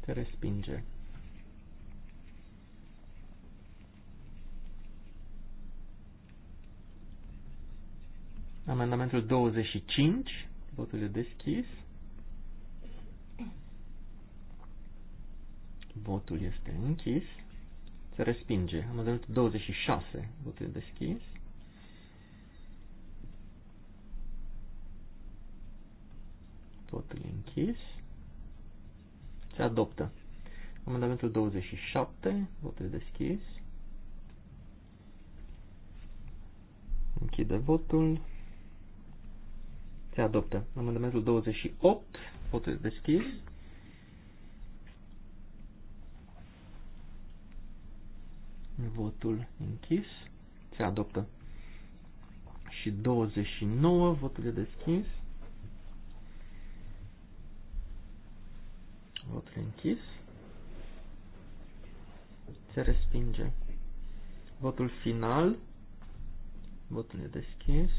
Te respinge. Amendamentul 25. Votul e deschis. Votul este închis. Se respinge. Amendamentul 26. Votul e deschis. Votul e închis. Se adoptă. Amendamentul 27. Votul deschis. Închide votul. Se adoptă. Amendamentul 28. Votul deschis. Votul închis. Se adoptă. Și 29. Votul deschis. Votul închis. Se respinge. Votul final. Votul e deschis.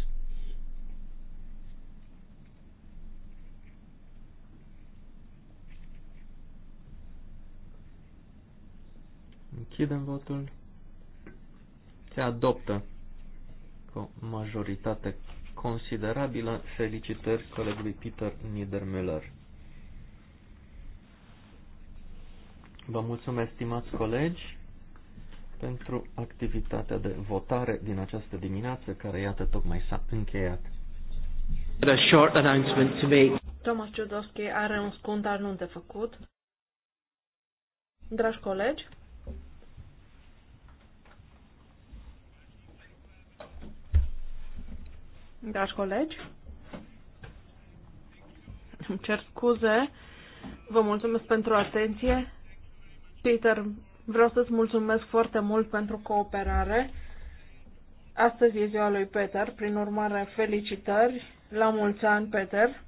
Închidem votul. Se adoptă cu majoritate considerabilă. Felicitări colegului Peter Niedermüller. Vă mulțumesc, stimați colegi, pentru activitatea de votare din această dimineață, care, iată, tocmai s-a încheiat. A short announcement to make. Thomas Ciudoschi are un scund anunț de făcut. Dragi colegi, Dragi colegi, îmi cer scuze, vă mulțumesc pentru atenție. Peter, vreau să-ți mulțumesc foarte mult pentru cooperare. Astăzi e ziua lui Peter, prin urmare felicitări. La mulți ani, Peter!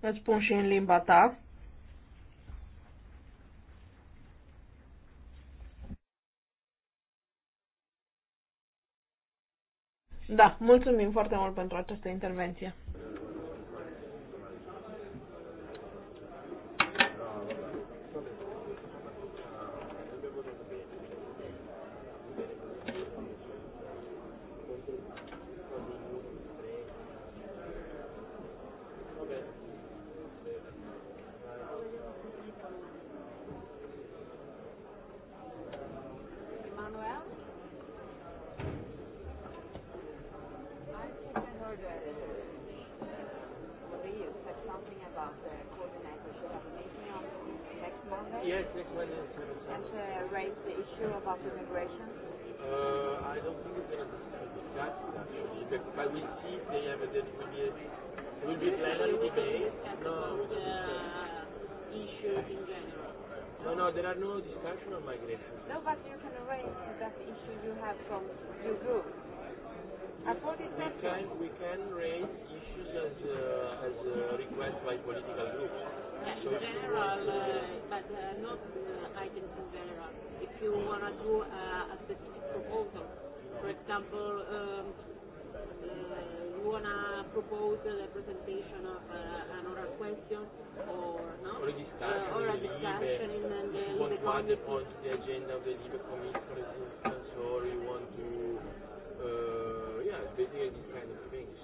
Îți spun și în limba ta. Da, mulțumim foarte mult pentru această intervenție. other points on the agenda of the Libre Committee, for instance, or you want to, uh, yeah, basically these kind of things.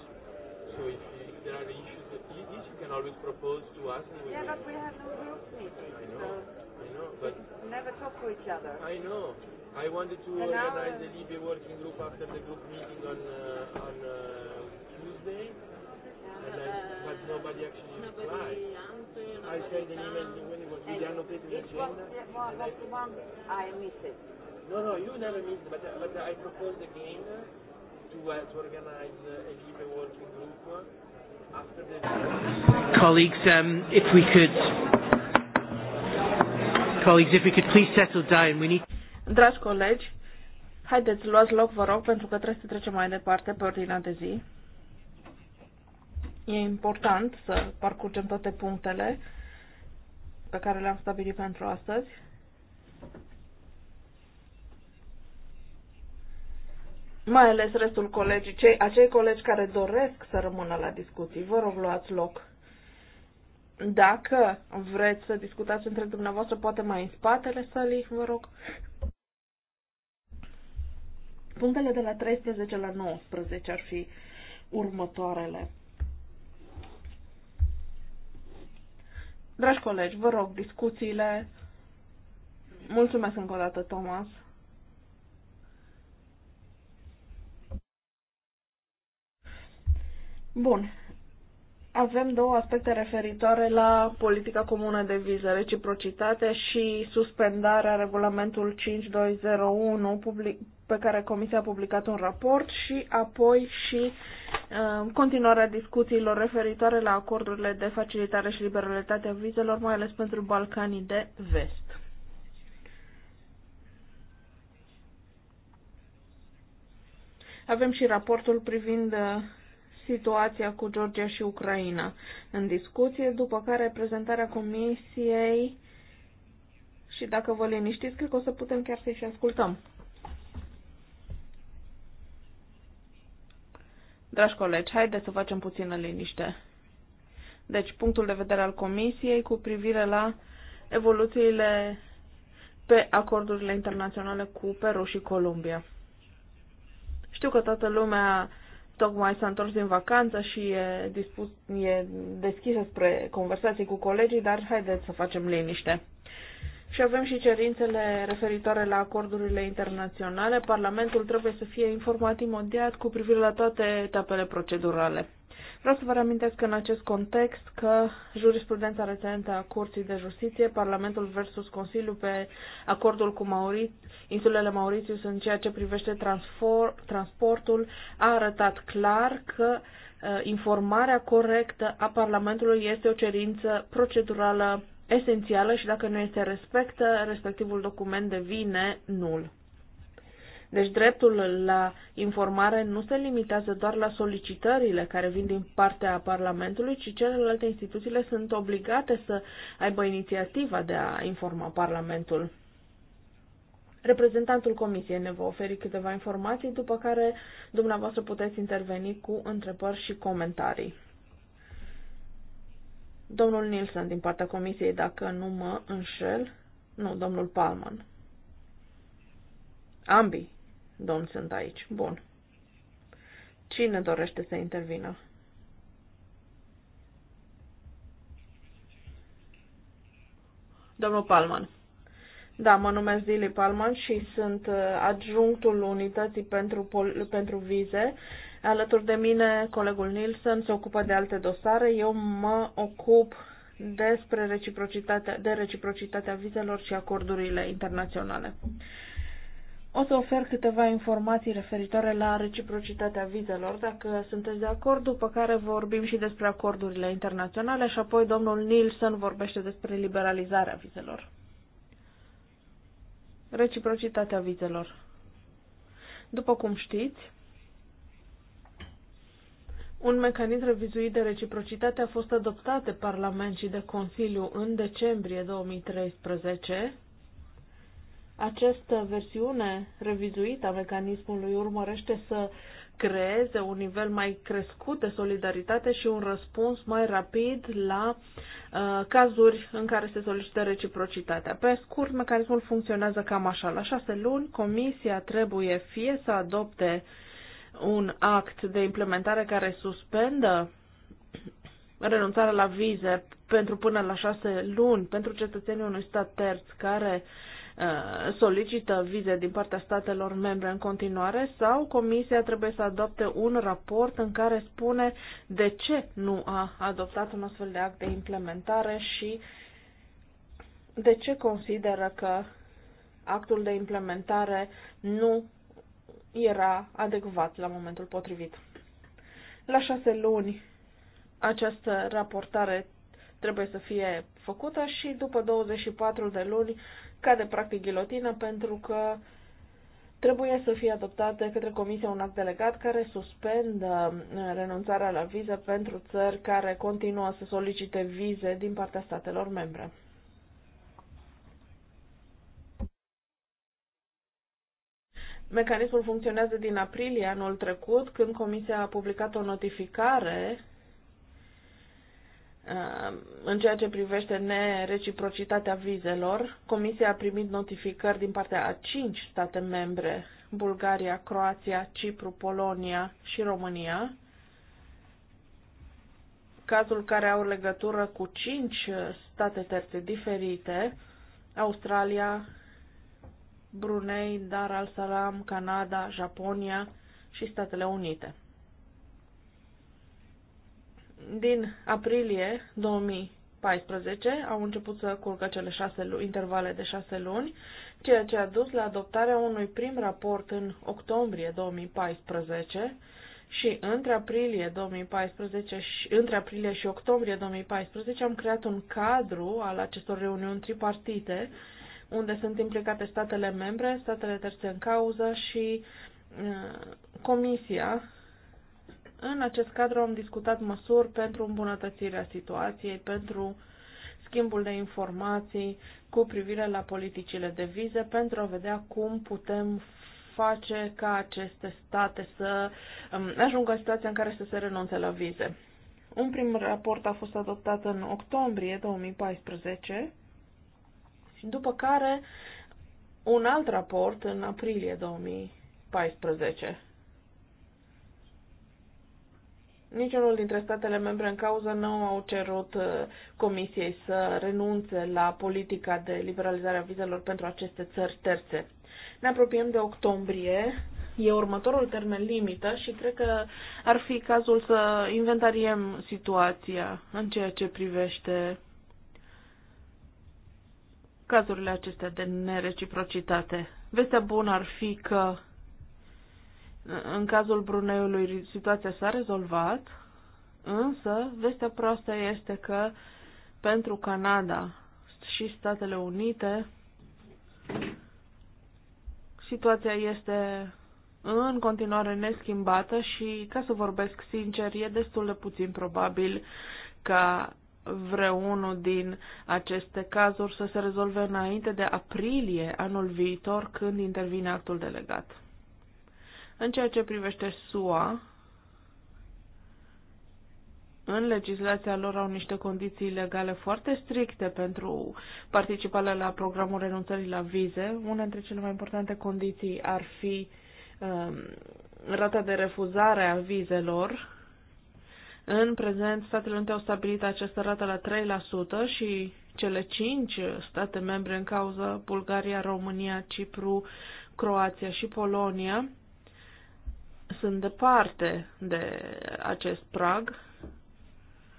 So if, you, if there are issues that you, this you can always propose to us. we yeah, but we have no group meeting. I know, so I know, but we never talk to each other. I know. I wanted to and organize uh, the Libya working group after the group meeting on uh, on uh, Tuesday, and but, uh, I, but nobody actually nobody replied. Answered, nobody I sent an email to And you no it was the one I missed. It. No, no, you never missed, but, but I proposed again to, uh, to organize uh, a Libre working group after the... Colleagues, um, if we could... Colleagues, if we could please settle down, we need... Dragi colegi, haideți, luați loc, vă rog, pentru că trebuie să trecem mai departe pe ordinea de zi. E important să parcurgem toate punctele pe care le-am stabilit pentru astăzi. Mai ales restul colegii, cei, acei colegi care doresc să rămână la discuții, vă rog luați loc. Dacă vreți să discutați între dumneavoastră, poate mai în spatele sălii, vă rog. Punctele de la 13 la 19 ar fi următoarele. Dragi colegi, vă rog, discuțiile. Mulțumesc încă o dată, Thomas. Bun avem două aspecte referitoare la politica comună de viză, reciprocitate și suspendarea regulamentul 5201 public, pe care Comisia a publicat un raport și apoi și uh, continuarea discuțiilor referitoare la acordurile de facilitare și liberalitate a vizelor, mai ales pentru Balcanii de Vest. Avem și raportul privind uh, situația cu Georgia și Ucraina în discuție, după care prezentarea comisiei și dacă vă liniștiți, cred că o să putem chiar să-i și ascultăm. Dragi colegi, haideți să facem puțină liniște. Deci, punctul de vedere al Comisiei cu privire la evoluțiile pe acordurile internaționale cu Peru și Columbia. Știu că toată lumea tocmai s-a întors din vacanță și e, dispus, e deschisă spre conversații cu colegii, dar haideți să facem liniște. Și avem și cerințele referitoare la acordurile internaționale. Parlamentul trebuie să fie informat imediat cu privire la toate etapele procedurale. Vreau să vă reamintesc în acest context că jurisprudența recentă a Curții de Justiție, Parlamentul versus Consiliu pe acordul cu Mauri, insulele Mauritius în ceea ce privește transportul, a arătat clar că uh, informarea corectă a Parlamentului este o cerință procedurală esențială și dacă nu este respectă, respectivul document devine nul. Deci dreptul la informare nu se limitează doar la solicitările care vin din partea Parlamentului, ci celelalte instituțiile sunt obligate să aibă inițiativa de a informa Parlamentul. Reprezentantul Comisiei ne va oferi câteva informații, după care dumneavoastră puteți interveni cu întrebări și comentarii. Domnul Nilsson din partea Comisiei, dacă nu mă înșel, nu, domnul Palman. Ambii domn sunt aici. Bun. Cine dorește să intervină? Domnul Palman. Da, mă numesc Dili Palman și sunt uh, adjunctul unității pentru, pentru vize. Alături de mine, colegul Nilsson se ocupă de alte dosare. Eu mă ocup despre reciprocitatea, de reciprocitatea vizelor și acordurile internaționale. O să ofer câteva informații referitoare la reciprocitatea vizelor, dacă sunteți de acord, după care vorbim și despre acordurile internaționale și apoi domnul Nilsson vorbește despre liberalizarea vizelor. Reciprocitatea vizelor. După cum știți, un mecanism revizuit de reciprocitate a fost adoptat de Parlament și de Consiliu în decembrie 2013 această versiune revizuită a mecanismului urmărește să creeze un nivel mai crescut de solidaritate și un răspuns mai rapid la uh, cazuri în care se solicită reciprocitatea. Pe scurt, mecanismul funcționează cam așa. La șase luni, Comisia trebuie fie să adopte un act de implementare care suspendă renunțarea la vize pentru până la șase luni pentru cetățenii unui stat terț care Uh, solicită vize din partea statelor membre în continuare sau Comisia trebuie să adopte un raport în care spune de ce nu a adoptat un astfel de act de implementare și de ce consideră că actul de implementare nu era adecvat la momentul potrivit. La șase luni această raportare trebuie să fie făcută și după 24 de luni cade practic ghilotină pentru că trebuie să fie adoptat de către Comisie un act delegat care suspendă uh, renunțarea la viză pentru țări care continuă să solicite vize din partea statelor membre. Mecanismul funcționează din aprilie anul trecut, când Comisia a publicat o notificare Uh, în ceea ce privește nereciprocitatea vizelor, Comisia a primit notificări din partea a cinci state membre, Bulgaria, Croația, Cipru, Polonia și România, cazul care au legătură cu cinci state terțe diferite, Australia, Brunei, Dar al Salam, Canada, Japonia și Statele Unite din aprilie 2014 au început să curgă cele șase intervale de șase luni, ceea ce a dus la adoptarea unui prim raport în octombrie 2014 și între aprilie 2014 și, între aprilie și octombrie 2014 am creat un cadru al acestor reuniuni tripartite unde sunt implicate statele membre, statele terțe în cauză și uh, Comisia în acest cadru am discutat măsuri pentru îmbunătățirea situației, pentru schimbul de informații cu privire la politicile de vize, pentru a vedea cum putem face ca aceste state să um, ajungă în situația în care să se renunțe la vize. Un prim raport a fost adoptat în octombrie 2014 și după care un alt raport în aprilie 2014. Niciunul dintre statele membre în cauză nu au cerut uh, Comisiei să renunțe la politica de liberalizare a vizelor pentru aceste țări terțe. Ne apropiem de octombrie, e următorul termen limită și cred că ar fi cazul să inventariem situația în ceea ce privește cazurile acestea de nereciprocitate. Vestea bună ar fi că în cazul Bruneiului situația s-a rezolvat, însă vestea proastă este că pentru Canada și Statele Unite situația este în continuare neschimbată și, ca să vorbesc sincer, e destul de puțin probabil ca vreunul din aceste cazuri să se rezolve înainte de aprilie anul viitor, când intervine actul delegat. În ceea ce privește SUA, în legislația lor au niște condiții legale foarte stricte pentru participarea la programul renunțării la vize. Una dintre cele mai importante condiții ar fi um, rata de refuzare a vizelor. În prezent, Statele Unite au stabilit această rată la 3% și cele 5 state membre în cauză, Bulgaria, România, Cipru, Croația și Polonia, sunt departe de acest prag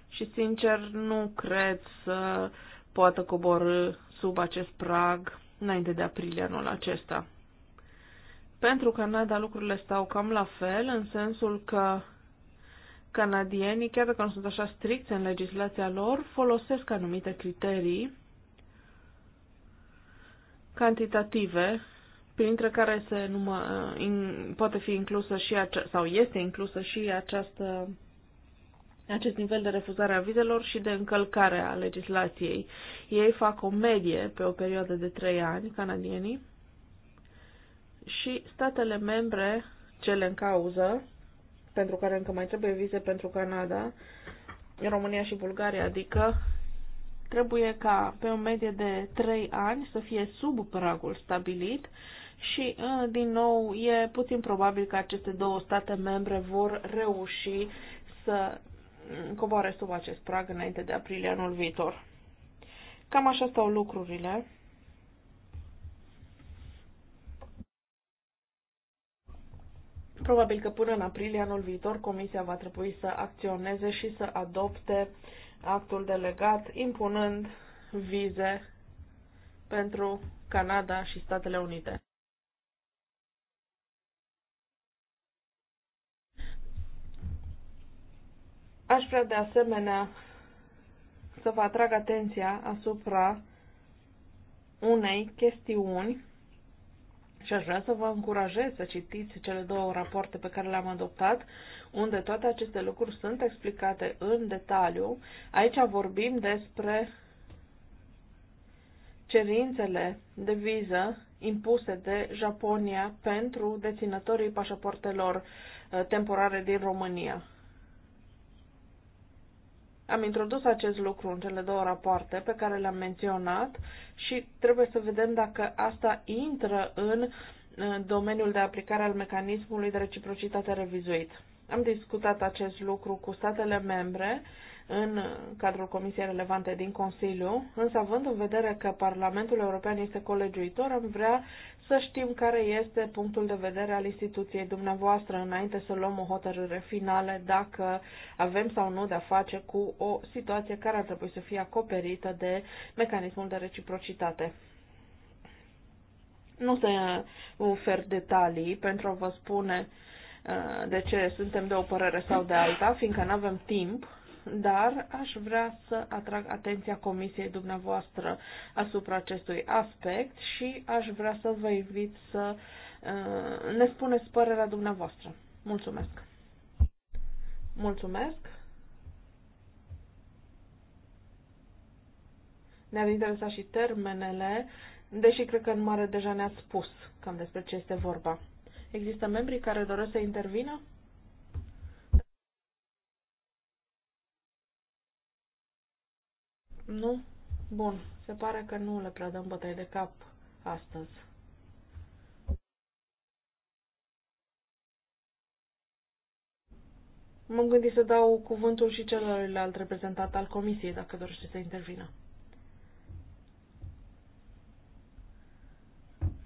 și, sincer, nu cred să poată coborâ sub acest prag înainte de aprilie anul acesta. Pentru Canada lucrurile stau cam la fel, în sensul că canadienii, chiar dacă nu sunt așa stricți în legislația lor, folosesc anumite criterii cantitative printre care se numă, uh, in, poate fi inclusă și ace- sau este inclusă și această, acest nivel de refuzare a vizelor și de încălcare a legislației. Ei fac o medie pe o perioadă de trei ani, canadienii, și statele membre, cele în cauză, pentru care încă mai trebuie vize pentru Canada, în România și Bulgaria, adică trebuie ca pe o medie de 3 ani să fie sub pragul stabilit și, uh, din nou, e puțin probabil că aceste două state membre vor reuși să coboare sub acest prag înainte de aprilie anul viitor. Cam așa stau lucrurile. Probabil că până în aprilie anul viitor Comisia va trebui să acționeze și să adopte actul delegat impunând vize pentru Canada și Statele Unite. Aș vrea de asemenea să vă atrag atenția asupra unei chestiuni și aș vrea să vă încurajez să citiți cele două rapoarte pe care le-am adoptat, unde toate aceste lucruri sunt explicate în detaliu. Aici vorbim despre cerințele de viză impuse de Japonia pentru deținătorii pașapoartelor uh, temporare din România. Am introdus acest lucru în cele două rapoarte pe care le-am menționat și trebuie să vedem dacă asta intră în uh, domeniul de aplicare al mecanismului de reciprocitate revizuit. Am discutat acest lucru cu statele membre în cadrul comisiei relevante din Consiliu, însă având în vedere că Parlamentul European este colegiuitor, am vrea să știm care este punctul de vedere al instituției dumneavoastră înainte să luăm o hotărâre finală dacă avem sau nu de-a face cu o situație care ar trebui să fie acoperită de mecanismul de reciprocitate. Nu să ofer uh, detalii pentru a vă spune uh, de ce suntem de o părere sau de alta, fiindcă nu avem timp, dar aș vrea să atrag atenția comisiei dumneavoastră asupra acestui aspect și aș vrea să vă invit să uh, ne spuneți părerea dumneavoastră. Mulțumesc! Mulțumesc! Ne-ar interesa și termenele, deși cred că în mare deja ne-ați spus cam despre ce este vorba. Există membrii care doresc să intervină? Nu? Bun. Se pare că nu le prea dăm bătăi de cap astăzi. M-am gândit să dau cuvântul și celorlalți reprezentant al comisiei, dacă dorește să intervină.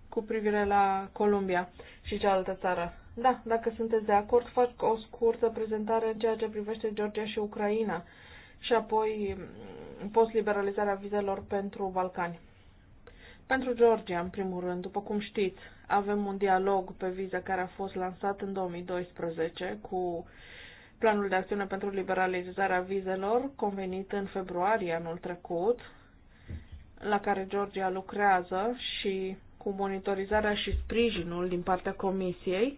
Cu privire la Columbia și cealaltă țară. Da, dacă sunteți de acord, fac o scurtă prezentare în ceea ce privește Georgia și Ucraina și apoi mm, post-liberalizarea vizelor pentru Balcani. Pentru Georgia, în primul rând, după cum știți, avem un dialog pe viză care a fost lansat în 2012 cu planul de acțiune pentru liberalizarea vizelor, convenit în februarie anul trecut, la care Georgia lucrează și cu monitorizarea și sprijinul din partea Comisiei,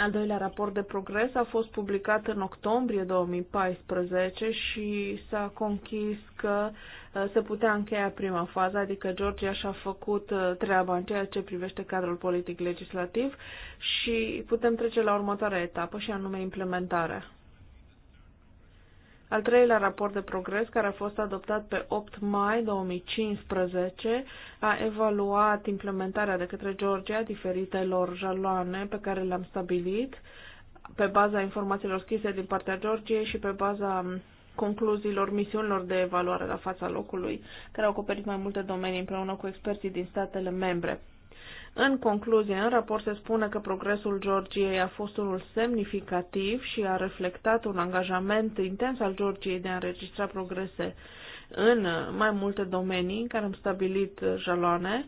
al doilea raport de progres a fost publicat în octombrie 2014 și s-a conchis că uh, se putea încheia prima fază, adică Georgia și-a făcut uh, treaba în ceea ce privește cadrul politic legislativ și putem trece la următoarea etapă și anume implementarea. Al treilea raport de progres, care a fost adoptat pe 8 mai 2015, a evaluat implementarea de către Georgia diferitelor jaloane pe care le-am stabilit pe baza informațiilor scrise din partea Georgiei și pe baza concluziilor misiunilor de evaluare la fața locului, care au acoperit mai multe domenii împreună cu experții din statele membre. În concluzie, în raport se spune că progresul Georgiei a fost unul semnificativ și a reflectat un angajament intens al Georgiei de a înregistra progrese în mai multe domenii în care am stabilit jaloane,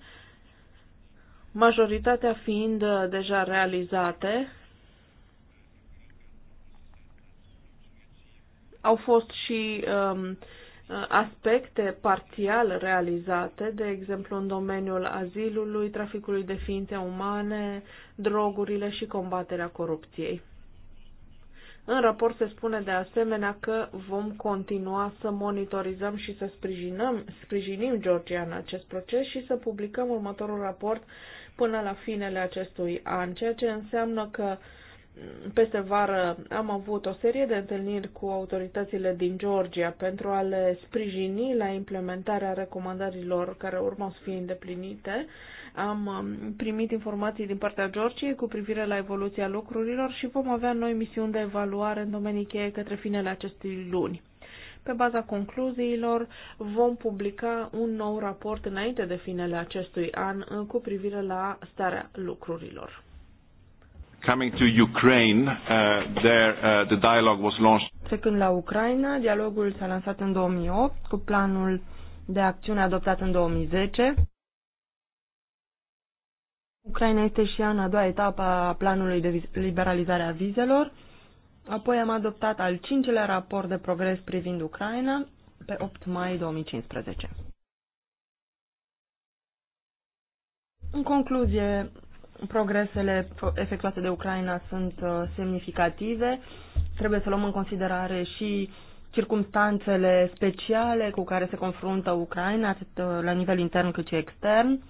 majoritatea fiind deja realizate. Au fost și um, Uh, aspecte parțial realizate, de exemplu în domeniul azilului, traficului de ființe umane, drogurile și combaterea corupției. În raport se spune de asemenea că vom continua să monitorizăm și să sprijinăm, sprijinim Georgia în acest proces și să publicăm următorul raport până la finele acestui an, ceea ce înseamnă că uh, peste vară am avut o serie de întâlniri cu autoritățile din Georgia pentru a le sprijini la implementarea recomandărilor care urmau să fie îndeplinite. Am um, primit informații din partea Georgiei cu privire la evoluția lucrurilor și vom avea noi misiuni de evaluare în domenii cheie către finele acestei luni. Pe baza concluziilor, vom publica un nou raport înainte de finele acestui an uh, cu privire la starea lucrurilor. Coming to Ukraine, uh, there uh, the dialogue was launched. Trecând la Ucraina, dialogul s-a lansat în 2008 cu planul de acțiune adoptat în 2010. Ucraina este și în a doua etapă a planului de liberalizare a vizelor. Apoi am adoptat al cincilea raport de progres privind Ucraina pe 8 mai 2015. În concluzie, progresele efectuate de Ucraina sunt uh, semnificative. Trebuie să luăm în considerare și circumstanțele speciale cu care se confruntă Ucraina, atât uh, la nivel intern cât și extern.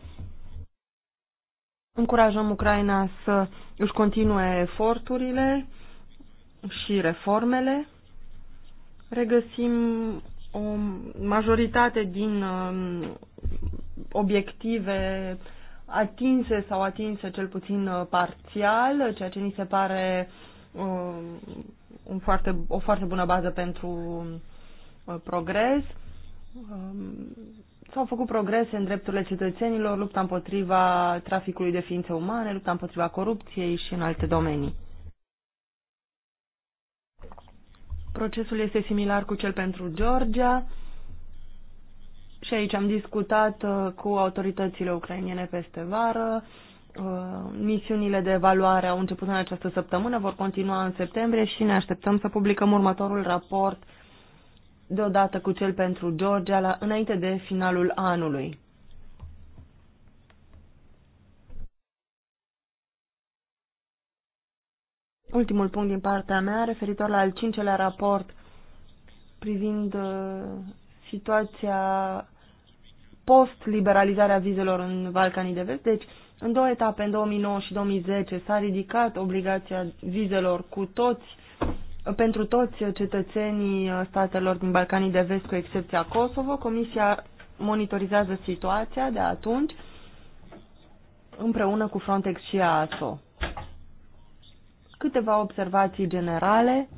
Încurajăm Ucraina să își continue eforturile și reformele. Regăsim o majoritate din um, obiective uh, atinse sau atinse cel puțin uh, parțial, ceea ce ni se pare um, un foarte, o foarte bună bază pentru uh, progres. Um, s-au făcut progrese în drepturile cetățenilor, lupta împotriva traficului de ființe umane, lupta împotriva corupției și în alte domenii. Procesul este similar cu cel pentru Georgia și aici am discutat uh, cu autoritățile ucrainiene peste vară. Uh, misiunile de evaluare au început în această săptămână, vor continua în septembrie și ne așteptăm să publicăm următorul raport deodată cu cel pentru Georgia la, înainte de finalul anului. Ultimul punct din partea mea, referitor la al cincelea raport privind uh, situația post-liberalizarea vizelor în Balcanii de Vest. Deci, în două etape, în 2009 și 2010, s-a ridicat obligația vizelor cu toți, pentru toți cetățenii uh, statelor din Balcanii de Vest, cu excepția Kosovo. Comisia monitorizează situația de atunci împreună cu Frontex și ASO. Câteva observații generale.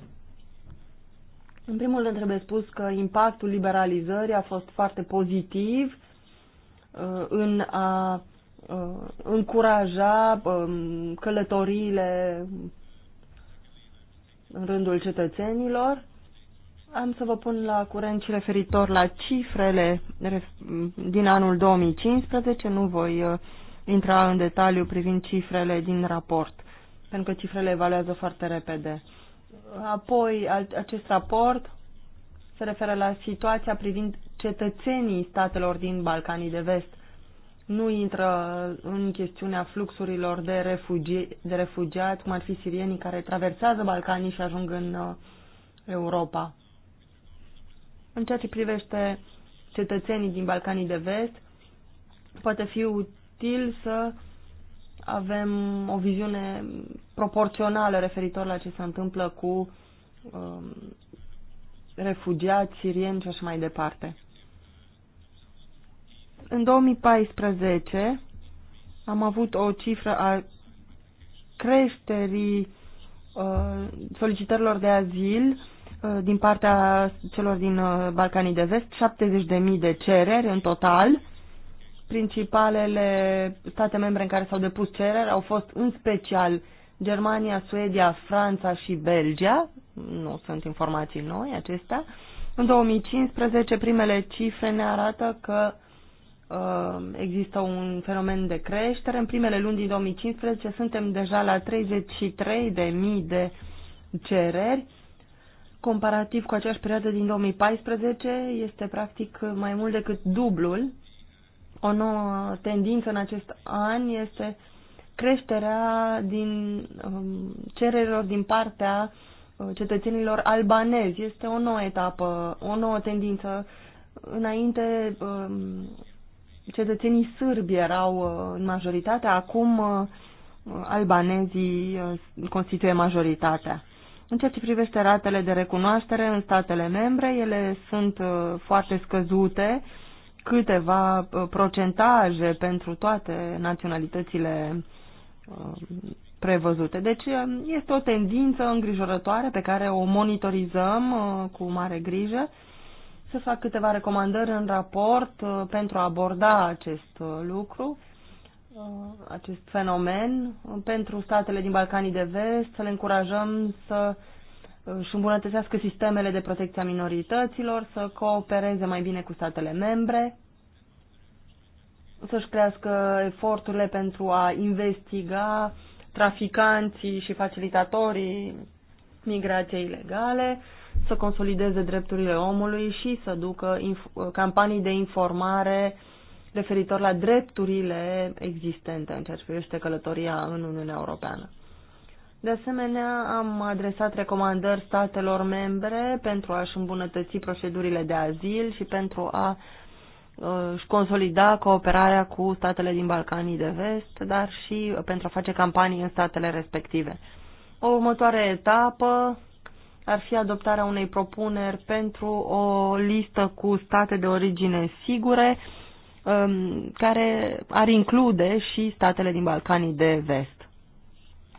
În primul rând trebuie spus că impactul liberalizării a fost foarte pozitiv Uh, în a uh, încuraja um, călătoriile în rândul cetățenilor. Am să vă pun la curent și referitor la cifrele din anul 2015. Nu voi uh, intra în detaliu privind cifrele din raport, pentru că cifrele evaluează foarte repede. Apoi, acest raport se referă la situația privind cetățenii statelor din Balcanii de Vest. Nu intră în chestiunea fluxurilor de, refugi, de refugiați, cum ar fi sirienii care traversează Balcanii și ajung în uh, Europa. În ceea ce privește cetățenii din Balcanii de Vest, poate fi util să avem o viziune proporțională referitor la ce se întâmplă cu um, refugiați sirieni și așa mai departe. În 2014 am avut o cifră a creșterii uh, solicitărilor de azil uh, din partea celor din uh, Balcanii de Vest, 70.000 de cereri în total. Principalele state membre în care s-au depus cereri au fost în special Germania, Suedia, Franța și Belgia, nu sunt informații noi acestea. În 2015, primele cifre ne arată că uh, există un fenomen de creștere. În primele luni din 2015 suntem deja la 33.000 de mii de cereri. Comparativ cu aceeași perioadă din 2014, este practic mai mult decât dublul. O nouă tendință în acest an este creșterea din um, cererilor din partea uh, Uh, cetățenilor albanezi. Este o nouă etapă, o nouă tendință. Înainte um, cetățenii sârbi erau uh, în majoritate, acum uh, albanezii constituie majoritatea. În ceea ce privește ratele de recunoaștere în statele membre, ele sunt foarte scăzute, câteva procentaje pentru toate naționalitățile um, prevăzute. Deci um, este o tendință îngrijorătoare pe care o monitorizăm uh, cu mare grijă. Să fac câteva recomandări în raport uh, pentru a aborda acest uh, lucru, acest fenomen. Pentru statele din Balcanii de Vest să le încurajăm să își îmbunătățească sistemele de protecție a minorităților, să coopereze mai bine cu statele membre, să-și crească eforturile pentru a investiga traficanții și facilitatorii migrației ilegale, să consolideze drepturile omului și să ducă campanii de informare referitor la drepturile existente în ceea ce privește călătoria în Uniunea Europeană. De asemenea, am adresat recomandări statelor membre pentru a-și îmbunătăți procedurile de azil și pentru a Uh, își consolida cooperarea cu statele din Balcanii de Vest, dar și pentru a face campanii în statele respective. O următoare etapă ar fi adoptarea unei propuneri pentru o listă cu state de origine sigure, um, care ar include și statele din Balcanii de Vest.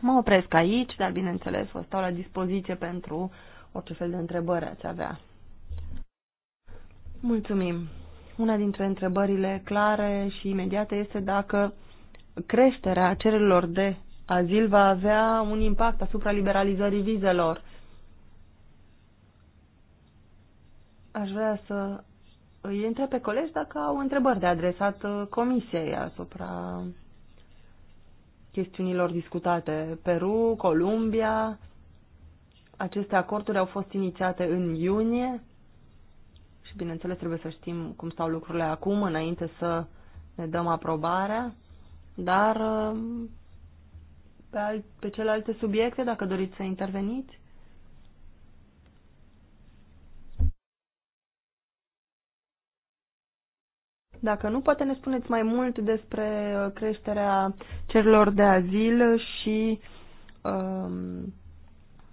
Mă opresc aici, dar bineînțeles vă stau la dispoziție pentru orice fel de întrebări ați avea. Mulțumim! Una dintre întrebările clare și imediate este dacă creșterea cererilor de azil va avea un impact asupra liberalizării vizelor. Aș vrea să îi întreb pe colegi dacă au întrebări de adresat uh, comisiei asupra chestiunilor discutate. Peru, Columbia, aceste acorduri au fost inițiate în iunie bineînțeles trebuie să știm cum stau lucrurile acum, înainte să ne dăm aprobarea, dar pe, al, pe celelalte subiecte, dacă doriți să interveniți. Dacă nu, poate ne spuneți mai mult despre uh, creșterea cerilor de azil și um,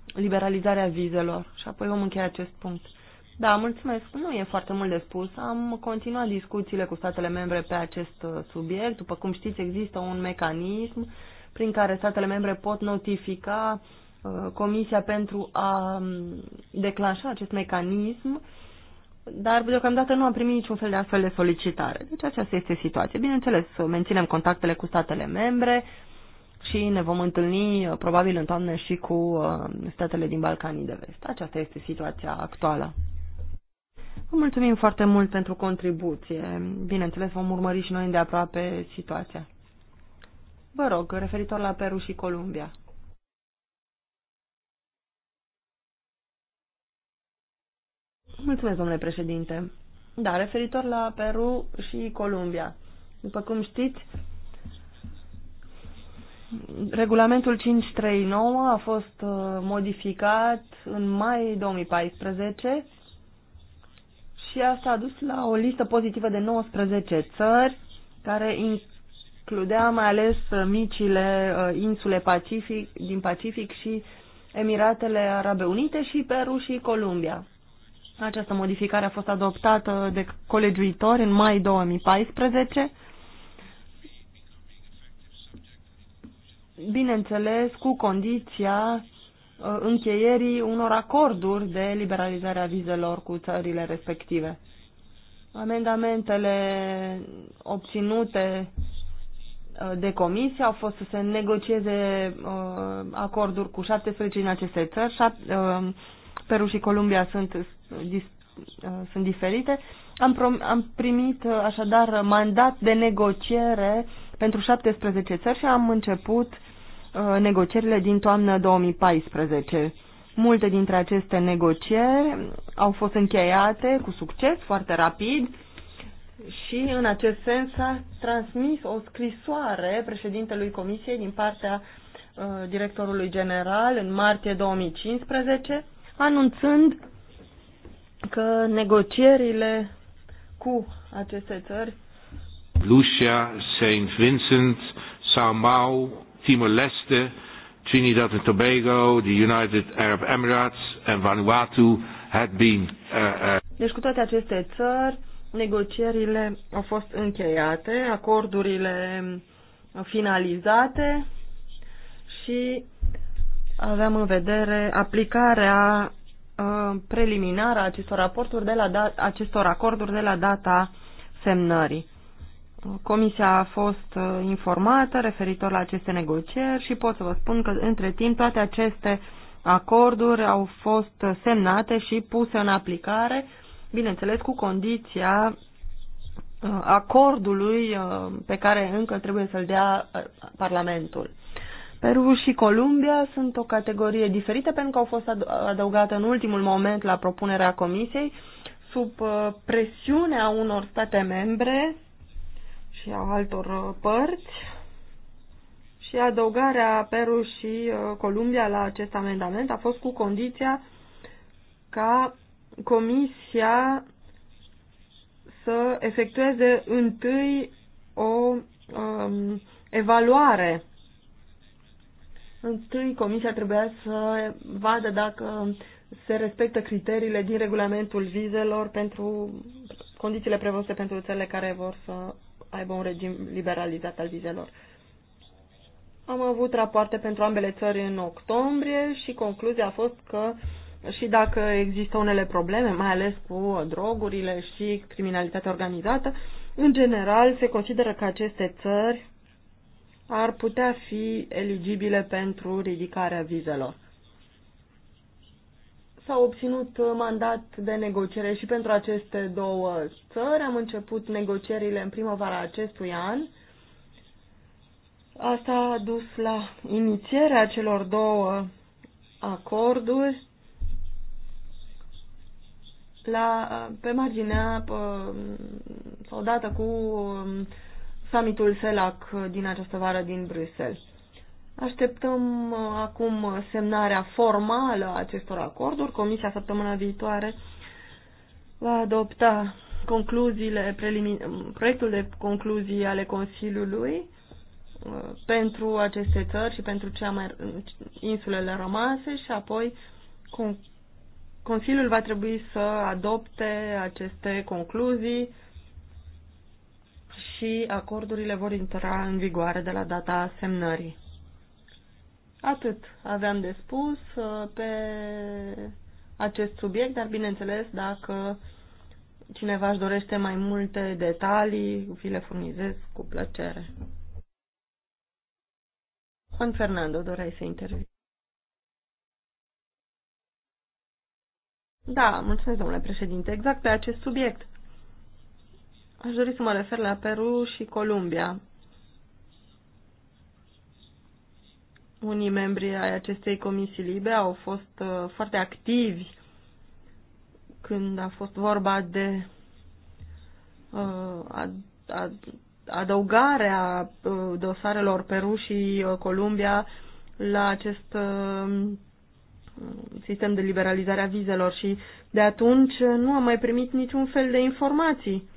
liberalizarea vizelor. Și apoi vom încheia acest punct. Da, mulțumesc. Nu e foarte mult de spus. Am continuat discuțiile cu statele membre pe acest uh, subiect. După cum știți, există un mecanism prin care statele membre pot notifica uh, Comisia pentru a um, declanșa acest mecanism, dar deocamdată nu am primit niciun fel de astfel de solicitare. Deci aceasta este situația. Bineînțeles, uh, menținem contactele cu statele membre și ne vom întâlni probabil în toamnă și cu statele din Balcanii de Vest. Aceasta este situația actuală. Vă mulțumim foarte mult pentru contribuție. Bineînțeles, vom urmări și noi îndeaproape situația. Vă rog, referitor la Peru și Columbia. Mulțumesc, domnule președinte. Da, referitor la Peru și Columbia. După cum știți, regulamentul 539 a fost uh, modificat în mai 2014 și asta a dus la o listă pozitivă de 19 țări care includea mai ales uh, micile uh, insule Pacific, din Pacific și Emiratele Arabe Unite și Peru și Columbia. Această modificare a fost adoptată de colegiuitori în mai 2014. Bineînțeles, cu condiția Uh, încheierii unor acorduri de liberalizare a vizelor cu țările respective. Amendamentele obținute uh, de comisie au fost să se negocieze uh, acorduri cu 17 din aceste țări. Peru și Columbia sunt, sunt diferite. Am, prom- am primit așadar mandat de negociere pentru 17 țări și am început uh, Uh, negocierile din toamnă 2014. Multe dintre aceste negocieri au fost încheiate cu succes, foarte rapid, și în acest sens a transmis o scrisoare președintelui Comisiei din partea uh, directorului general în martie 2015, anunțând că negocierile cu aceste țări Lucia, Saint Vincent, Samau, Timor-Leste, Trinidad and Tobago, the United Arab Emirates and Vanuatu had been... Uh, uh... Deci cu toate aceste țări, negocierile au fost încheiate, acordurile finalizate și aveam în vedere aplicarea uh, preliminară a acestor, raporturi de la acestor acorduri de la data semnării. Comisia a fost uh, informată referitor la aceste negocieri și pot să vă spun că între timp toate aceste acorduri au fost semnate și puse în aplicare, bineînțeles cu condiția uh, acordului uh, pe care încă trebuie să-l dea Parlamentul. Peru și Columbia sunt o categorie diferită pentru că au fost adăugate în ultimul moment la propunerea Comisiei sub presiunea unor state membre și a altor uh, părți și adăugarea Peru și uh, Columbia la acest amendament a fost cu condiția ca Comisia să efectueze întâi o um, evaluare. Întâi Comisia trebuia să vadă dacă se respectă criteriile din regulamentul vizelor pentru condițiile prevăzute pentru țările care vor să aibă un regim liberalizat al vizelor. Am avut rapoarte pentru ambele țări în octombrie și concluzia a fost că și dacă există unele probleme, mai ales cu drogurile și criminalitatea organizată, în general se consideră că aceste țări ar putea fi eligibile pentru ridicarea vizelor. S-a obținut mandat de negociere și pentru aceste două țări. Am început negocierile în primăvara acestui an. Asta a dus la inițierea celor două acorduri la, pe marginea sau dată cu um, summitul CELAC din această vară din Bruxelles. Așteptăm uh, acum semnarea formală a acestor acorduri. Comisia săptămâna viitoare va adopta concluziile proiectul de concluzii ale Consiliului uh, pentru aceste țări și pentru cea mai, insulele rămase și apoi Consiliul va trebui să adopte aceste concluzii și acordurile vor intra în vigoare de la data semnării. Atât aveam de spus uh, pe acest subiect, dar bineînțeles, dacă cineva își dorește mai multe detalii, vi le furnizez cu plăcere. Juan Fernando, doreai să intervii. Da, mulțumesc, domnule președinte. Exact pe acest subiect. Aș dori să mă refer la Peru și Columbia. Unii membri ai acestei comisii libe au fost uh, foarte activi când a fost vorba de uh, adăugarea uh, dosarelor Peru și Columbia la acest sistem de liberalizare a vizelor și de atunci nu am mai primit niciun fel de informații.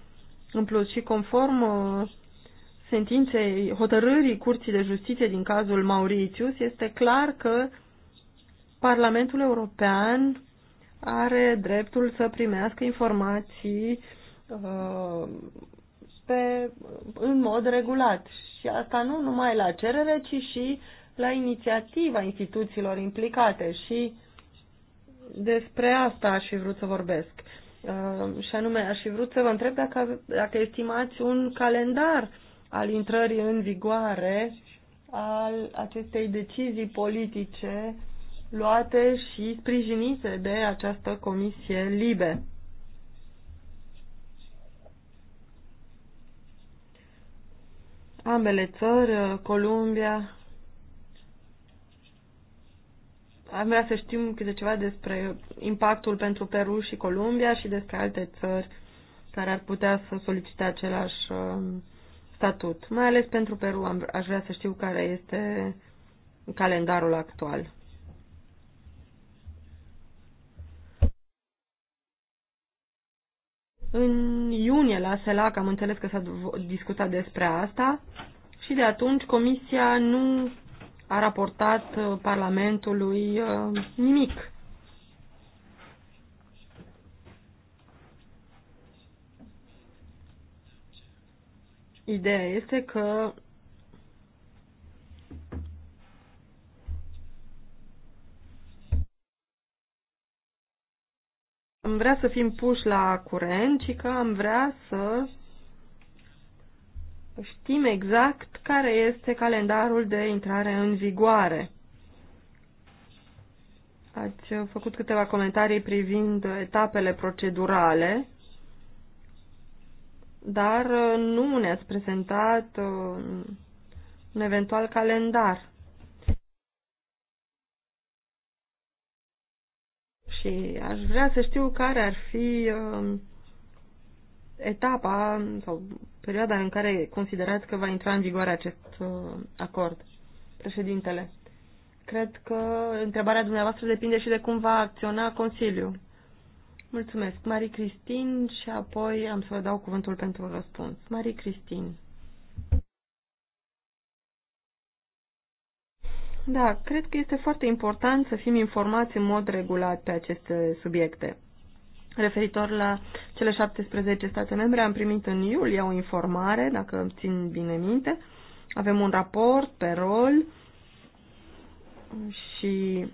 În plus și conform sentinței, hotărârii Curții de Justiție din cazul Mauritius, este clar că Parlamentul European are dreptul să primească informații uh, pe, în mod regulat. Și asta nu numai la cerere, ci și la inițiativa instituțiilor implicate. Și despre asta aș fi vrut să vorbesc. Uh, și anume, aș fi vrut să vă întreb dacă, dacă estimați un calendar uh, al intrării în vigoare al acestei decizii politice luate și sprijinite de această comisie libe. Ambele țări, Columbia, am vrea să știm câte ceva despre impactul pentru Peru și Columbia și despre alte țări care ar putea să solicite același um, statut, mai ales pentru Peru. Aș vrea să știu care este calendarul actual. În iunie la SELAC am înțeles că s-a discutat despre asta și de atunci Comisia nu a raportat uh, Parlamentului uh, nimic. Ideea este că am vrea să fim puși la curent și că am vrea să știm exact care este calendarul de intrare în vigoare. Ați făcut câteva comentarii privind etapele procedurale dar uh, nu ne-ați prezentat uh, un eventual calendar. Și aș vrea să știu care ar fi uh, etapa sau perioada în care considerați că va intra în vigoare acest acord. Președintele, cred că întrebarea dumneavoastră depinde și de cum va acționa Consiliul. Mulțumesc, Marie Cristin, și apoi am să vă dau cuvântul pentru răspuns. Marie Cristin. Da, cred că este foarte important să fim informați în mod regulat pe aceste subiecte. Referitor la cele 17 state membre, am primit în iulie o informare, dacă îmi țin bine minte. Avem un raport pe rol și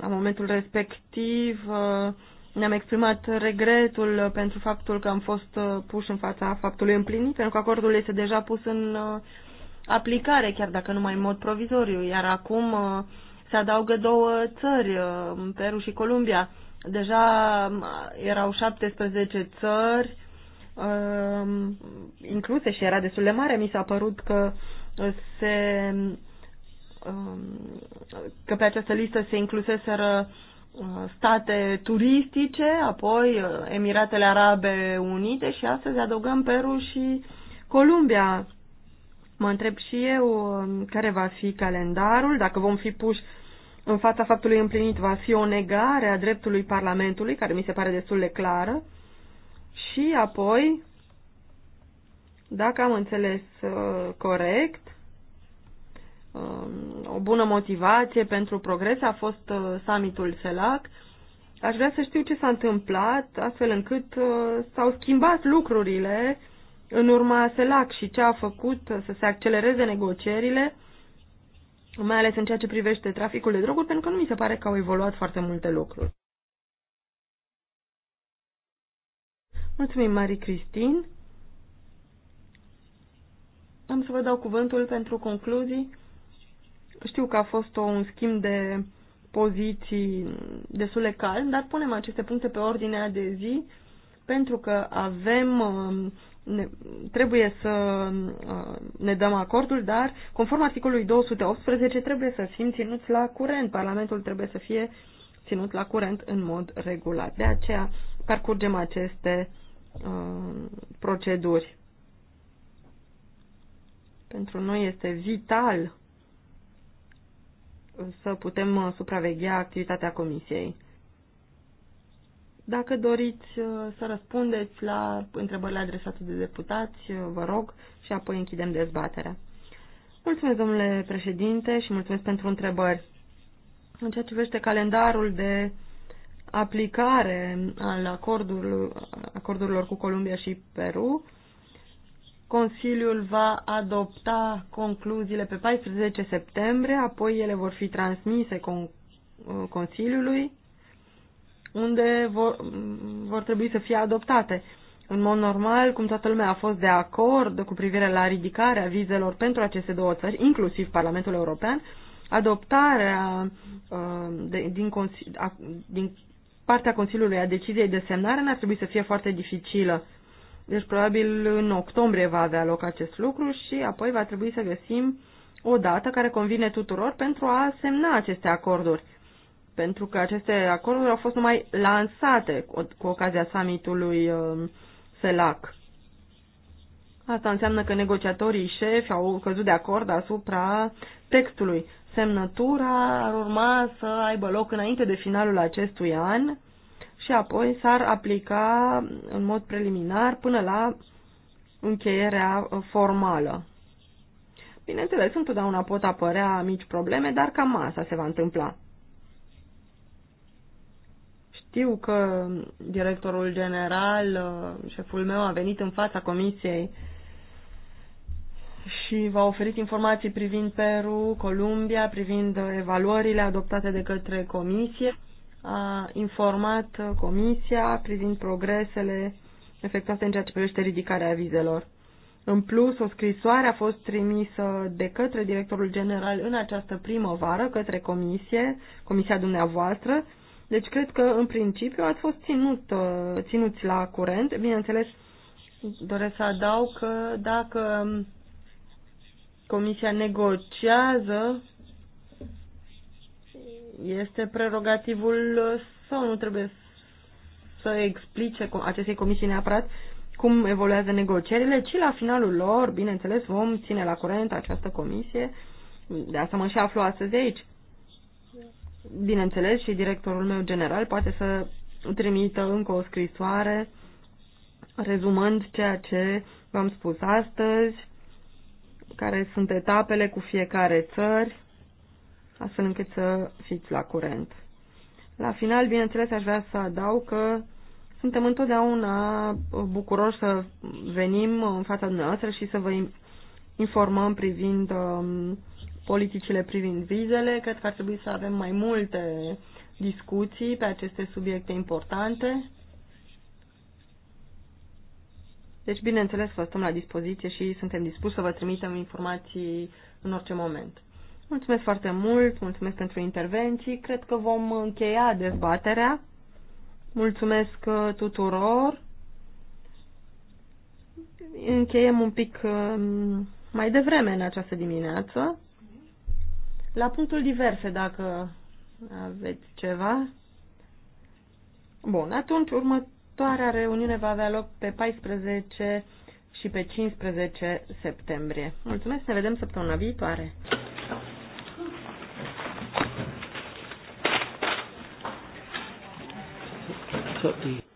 la momentul respectiv uh, ne-am exprimat regretul pentru faptul că am fost uh, puși în fața faptului împlinit, pentru că acordul este deja pus în uh, aplicare, chiar dacă numai în mod provizoriu, iar acum se adaugă două țări, Peru și Columbia. Deja um, erau 17 țări um, incluse și era destul de mare. Mi s-a părut că se Um, că pe această listă se incluseseră uh, state turistice, apoi uh, Emiratele Arabe Unite și astăzi adăugăm Peru și Columbia. Mă întreb și eu um, care va fi calendarul, dacă vom fi puși în fața faptului împlinit, va fi o negare a dreptului Parlamentului, care mi se pare destul de clară, și apoi, dacă am înțeles uh, corect, Um, o bună motivație pentru progres a fost uh, summitul CELAC. Aș vrea să știu ce s-a întâmplat, astfel încât uh, s-au schimbat lucrurile în urma CELAC și ce a făcut uh, să se accelereze negocierile, mai ales în ceea ce privește traficul de droguri, pentru că nu mi se pare că au evoluat foarte multe lucruri. Mulțumim, Marie Cristin. Am să vă dau cuvântul pentru concluzii știu că a fost un schimb de poziții destul de calm, dar punem aceste puncte pe ordinea de zi pentru că avem, um, ne, trebuie să uh, ne dăm acordul, dar conform articolului 218 trebuie să fim ținuți la curent. Parlamentul trebuie să fie ținut la curent în mod regulat. De aceea parcurgem aceste uh, proceduri. Pentru noi este vital să putem uh, supraveghea activitatea Comisiei. Dacă doriți uh, să răspundeți la întrebările adresate de deputați, uh, vă rog, și apoi închidem dezbaterea. Mulțumesc, domnule președinte, și mulțumesc pentru întrebări. În ceea ce privește calendarul de aplicare al acordurilor cu Columbia și Peru, Consiliul va adopta concluziile pe 14 septembrie, apoi ele vor fi transmise con uh, Consiliului, unde vor, mm, vor trebui să fie adoptate. În mod normal, cum toată lumea a fost de acord cu privire la ridicarea vizelor pentru aceste două țări, inclusiv Parlamentul European, adoptarea uh, de, din, din partea Consiliului a deciziei de semnare n-ar trebui să fie foarte dificilă deci probabil în octombrie va avea loc acest lucru și apoi va trebui să găsim o dată care convine tuturor pentru a semna aceste acorduri. Pentru că aceste acorduri au fost numai lansate cu ocazia summitului SELAC. Um, Asta înseamnă că negociatorii șefi au căzut de acord asupra textului. Semnătura ar urma să aibă loc înainte de finalul acestui an și apoi s-ar aplica în mod preliminar până la încheierea uh, formală. Bineînțeles, întotdeauna pot apărea mici probleme, dar cam asta se va întâmpla. Știu că directorul general, uh, șeful meu, a venit în fața comisiei și v-a oferit informații privind Peru, Columbia, privind uh, evaluările adoptate de către comisie a informat Comisia privind progresele efectuate în ceea ce privește ridicarea vizelor. În plus, o scrisoare a fost trimisă de către directorul general în această primăvară către comisie, comisia dumneavoastră, deci cred că în principiu ați fost ținut, uh, ținuți la curent. Bineînțeles, doresc să adaug că dacă um, comisia negociază este prerogativul sau nu trebuie să explice acestei comisii neapărat cum evoluează negocierile, ci la finalul lor, bineînțeles, vom ține la curent această comisie. De asta mă și aflu astăzi aici. Bineînțeles, și directorul meu general poate să trimită încă o scrisoare rezumând ceea ce v-am spus astăzi, care sunt etapele cu fiecare țări, astfel încât să fiți la curent. La final, bineînțeles, aș vrea să adaug că suntem întotdeauna bucuroși să venim în fața dumneavoastră și să vă informăm privind um, politicile privind vizele. Cred că ar trebui să avem mai multe discuții pe aceste subiecte importante. Deci, bineînțeles, vă stăm la dispoziție și suntem dispuși să vă trimitem informații în orice moment. Mulțumesc foarte mult, mulțumesc pentru intervenții. Cred că vom încheia dezbaterea. Mulțumesc uh, tuturor. Încheiem un pic uh, mai devreme în această dimineață. La punctul diverse, dacă aveți ceva. Bun, atunci următoarea reuniune va avea loc pe 14 și pe 15 septembrie. Mulțumesc, ne vedem săptămâna viitoare. got the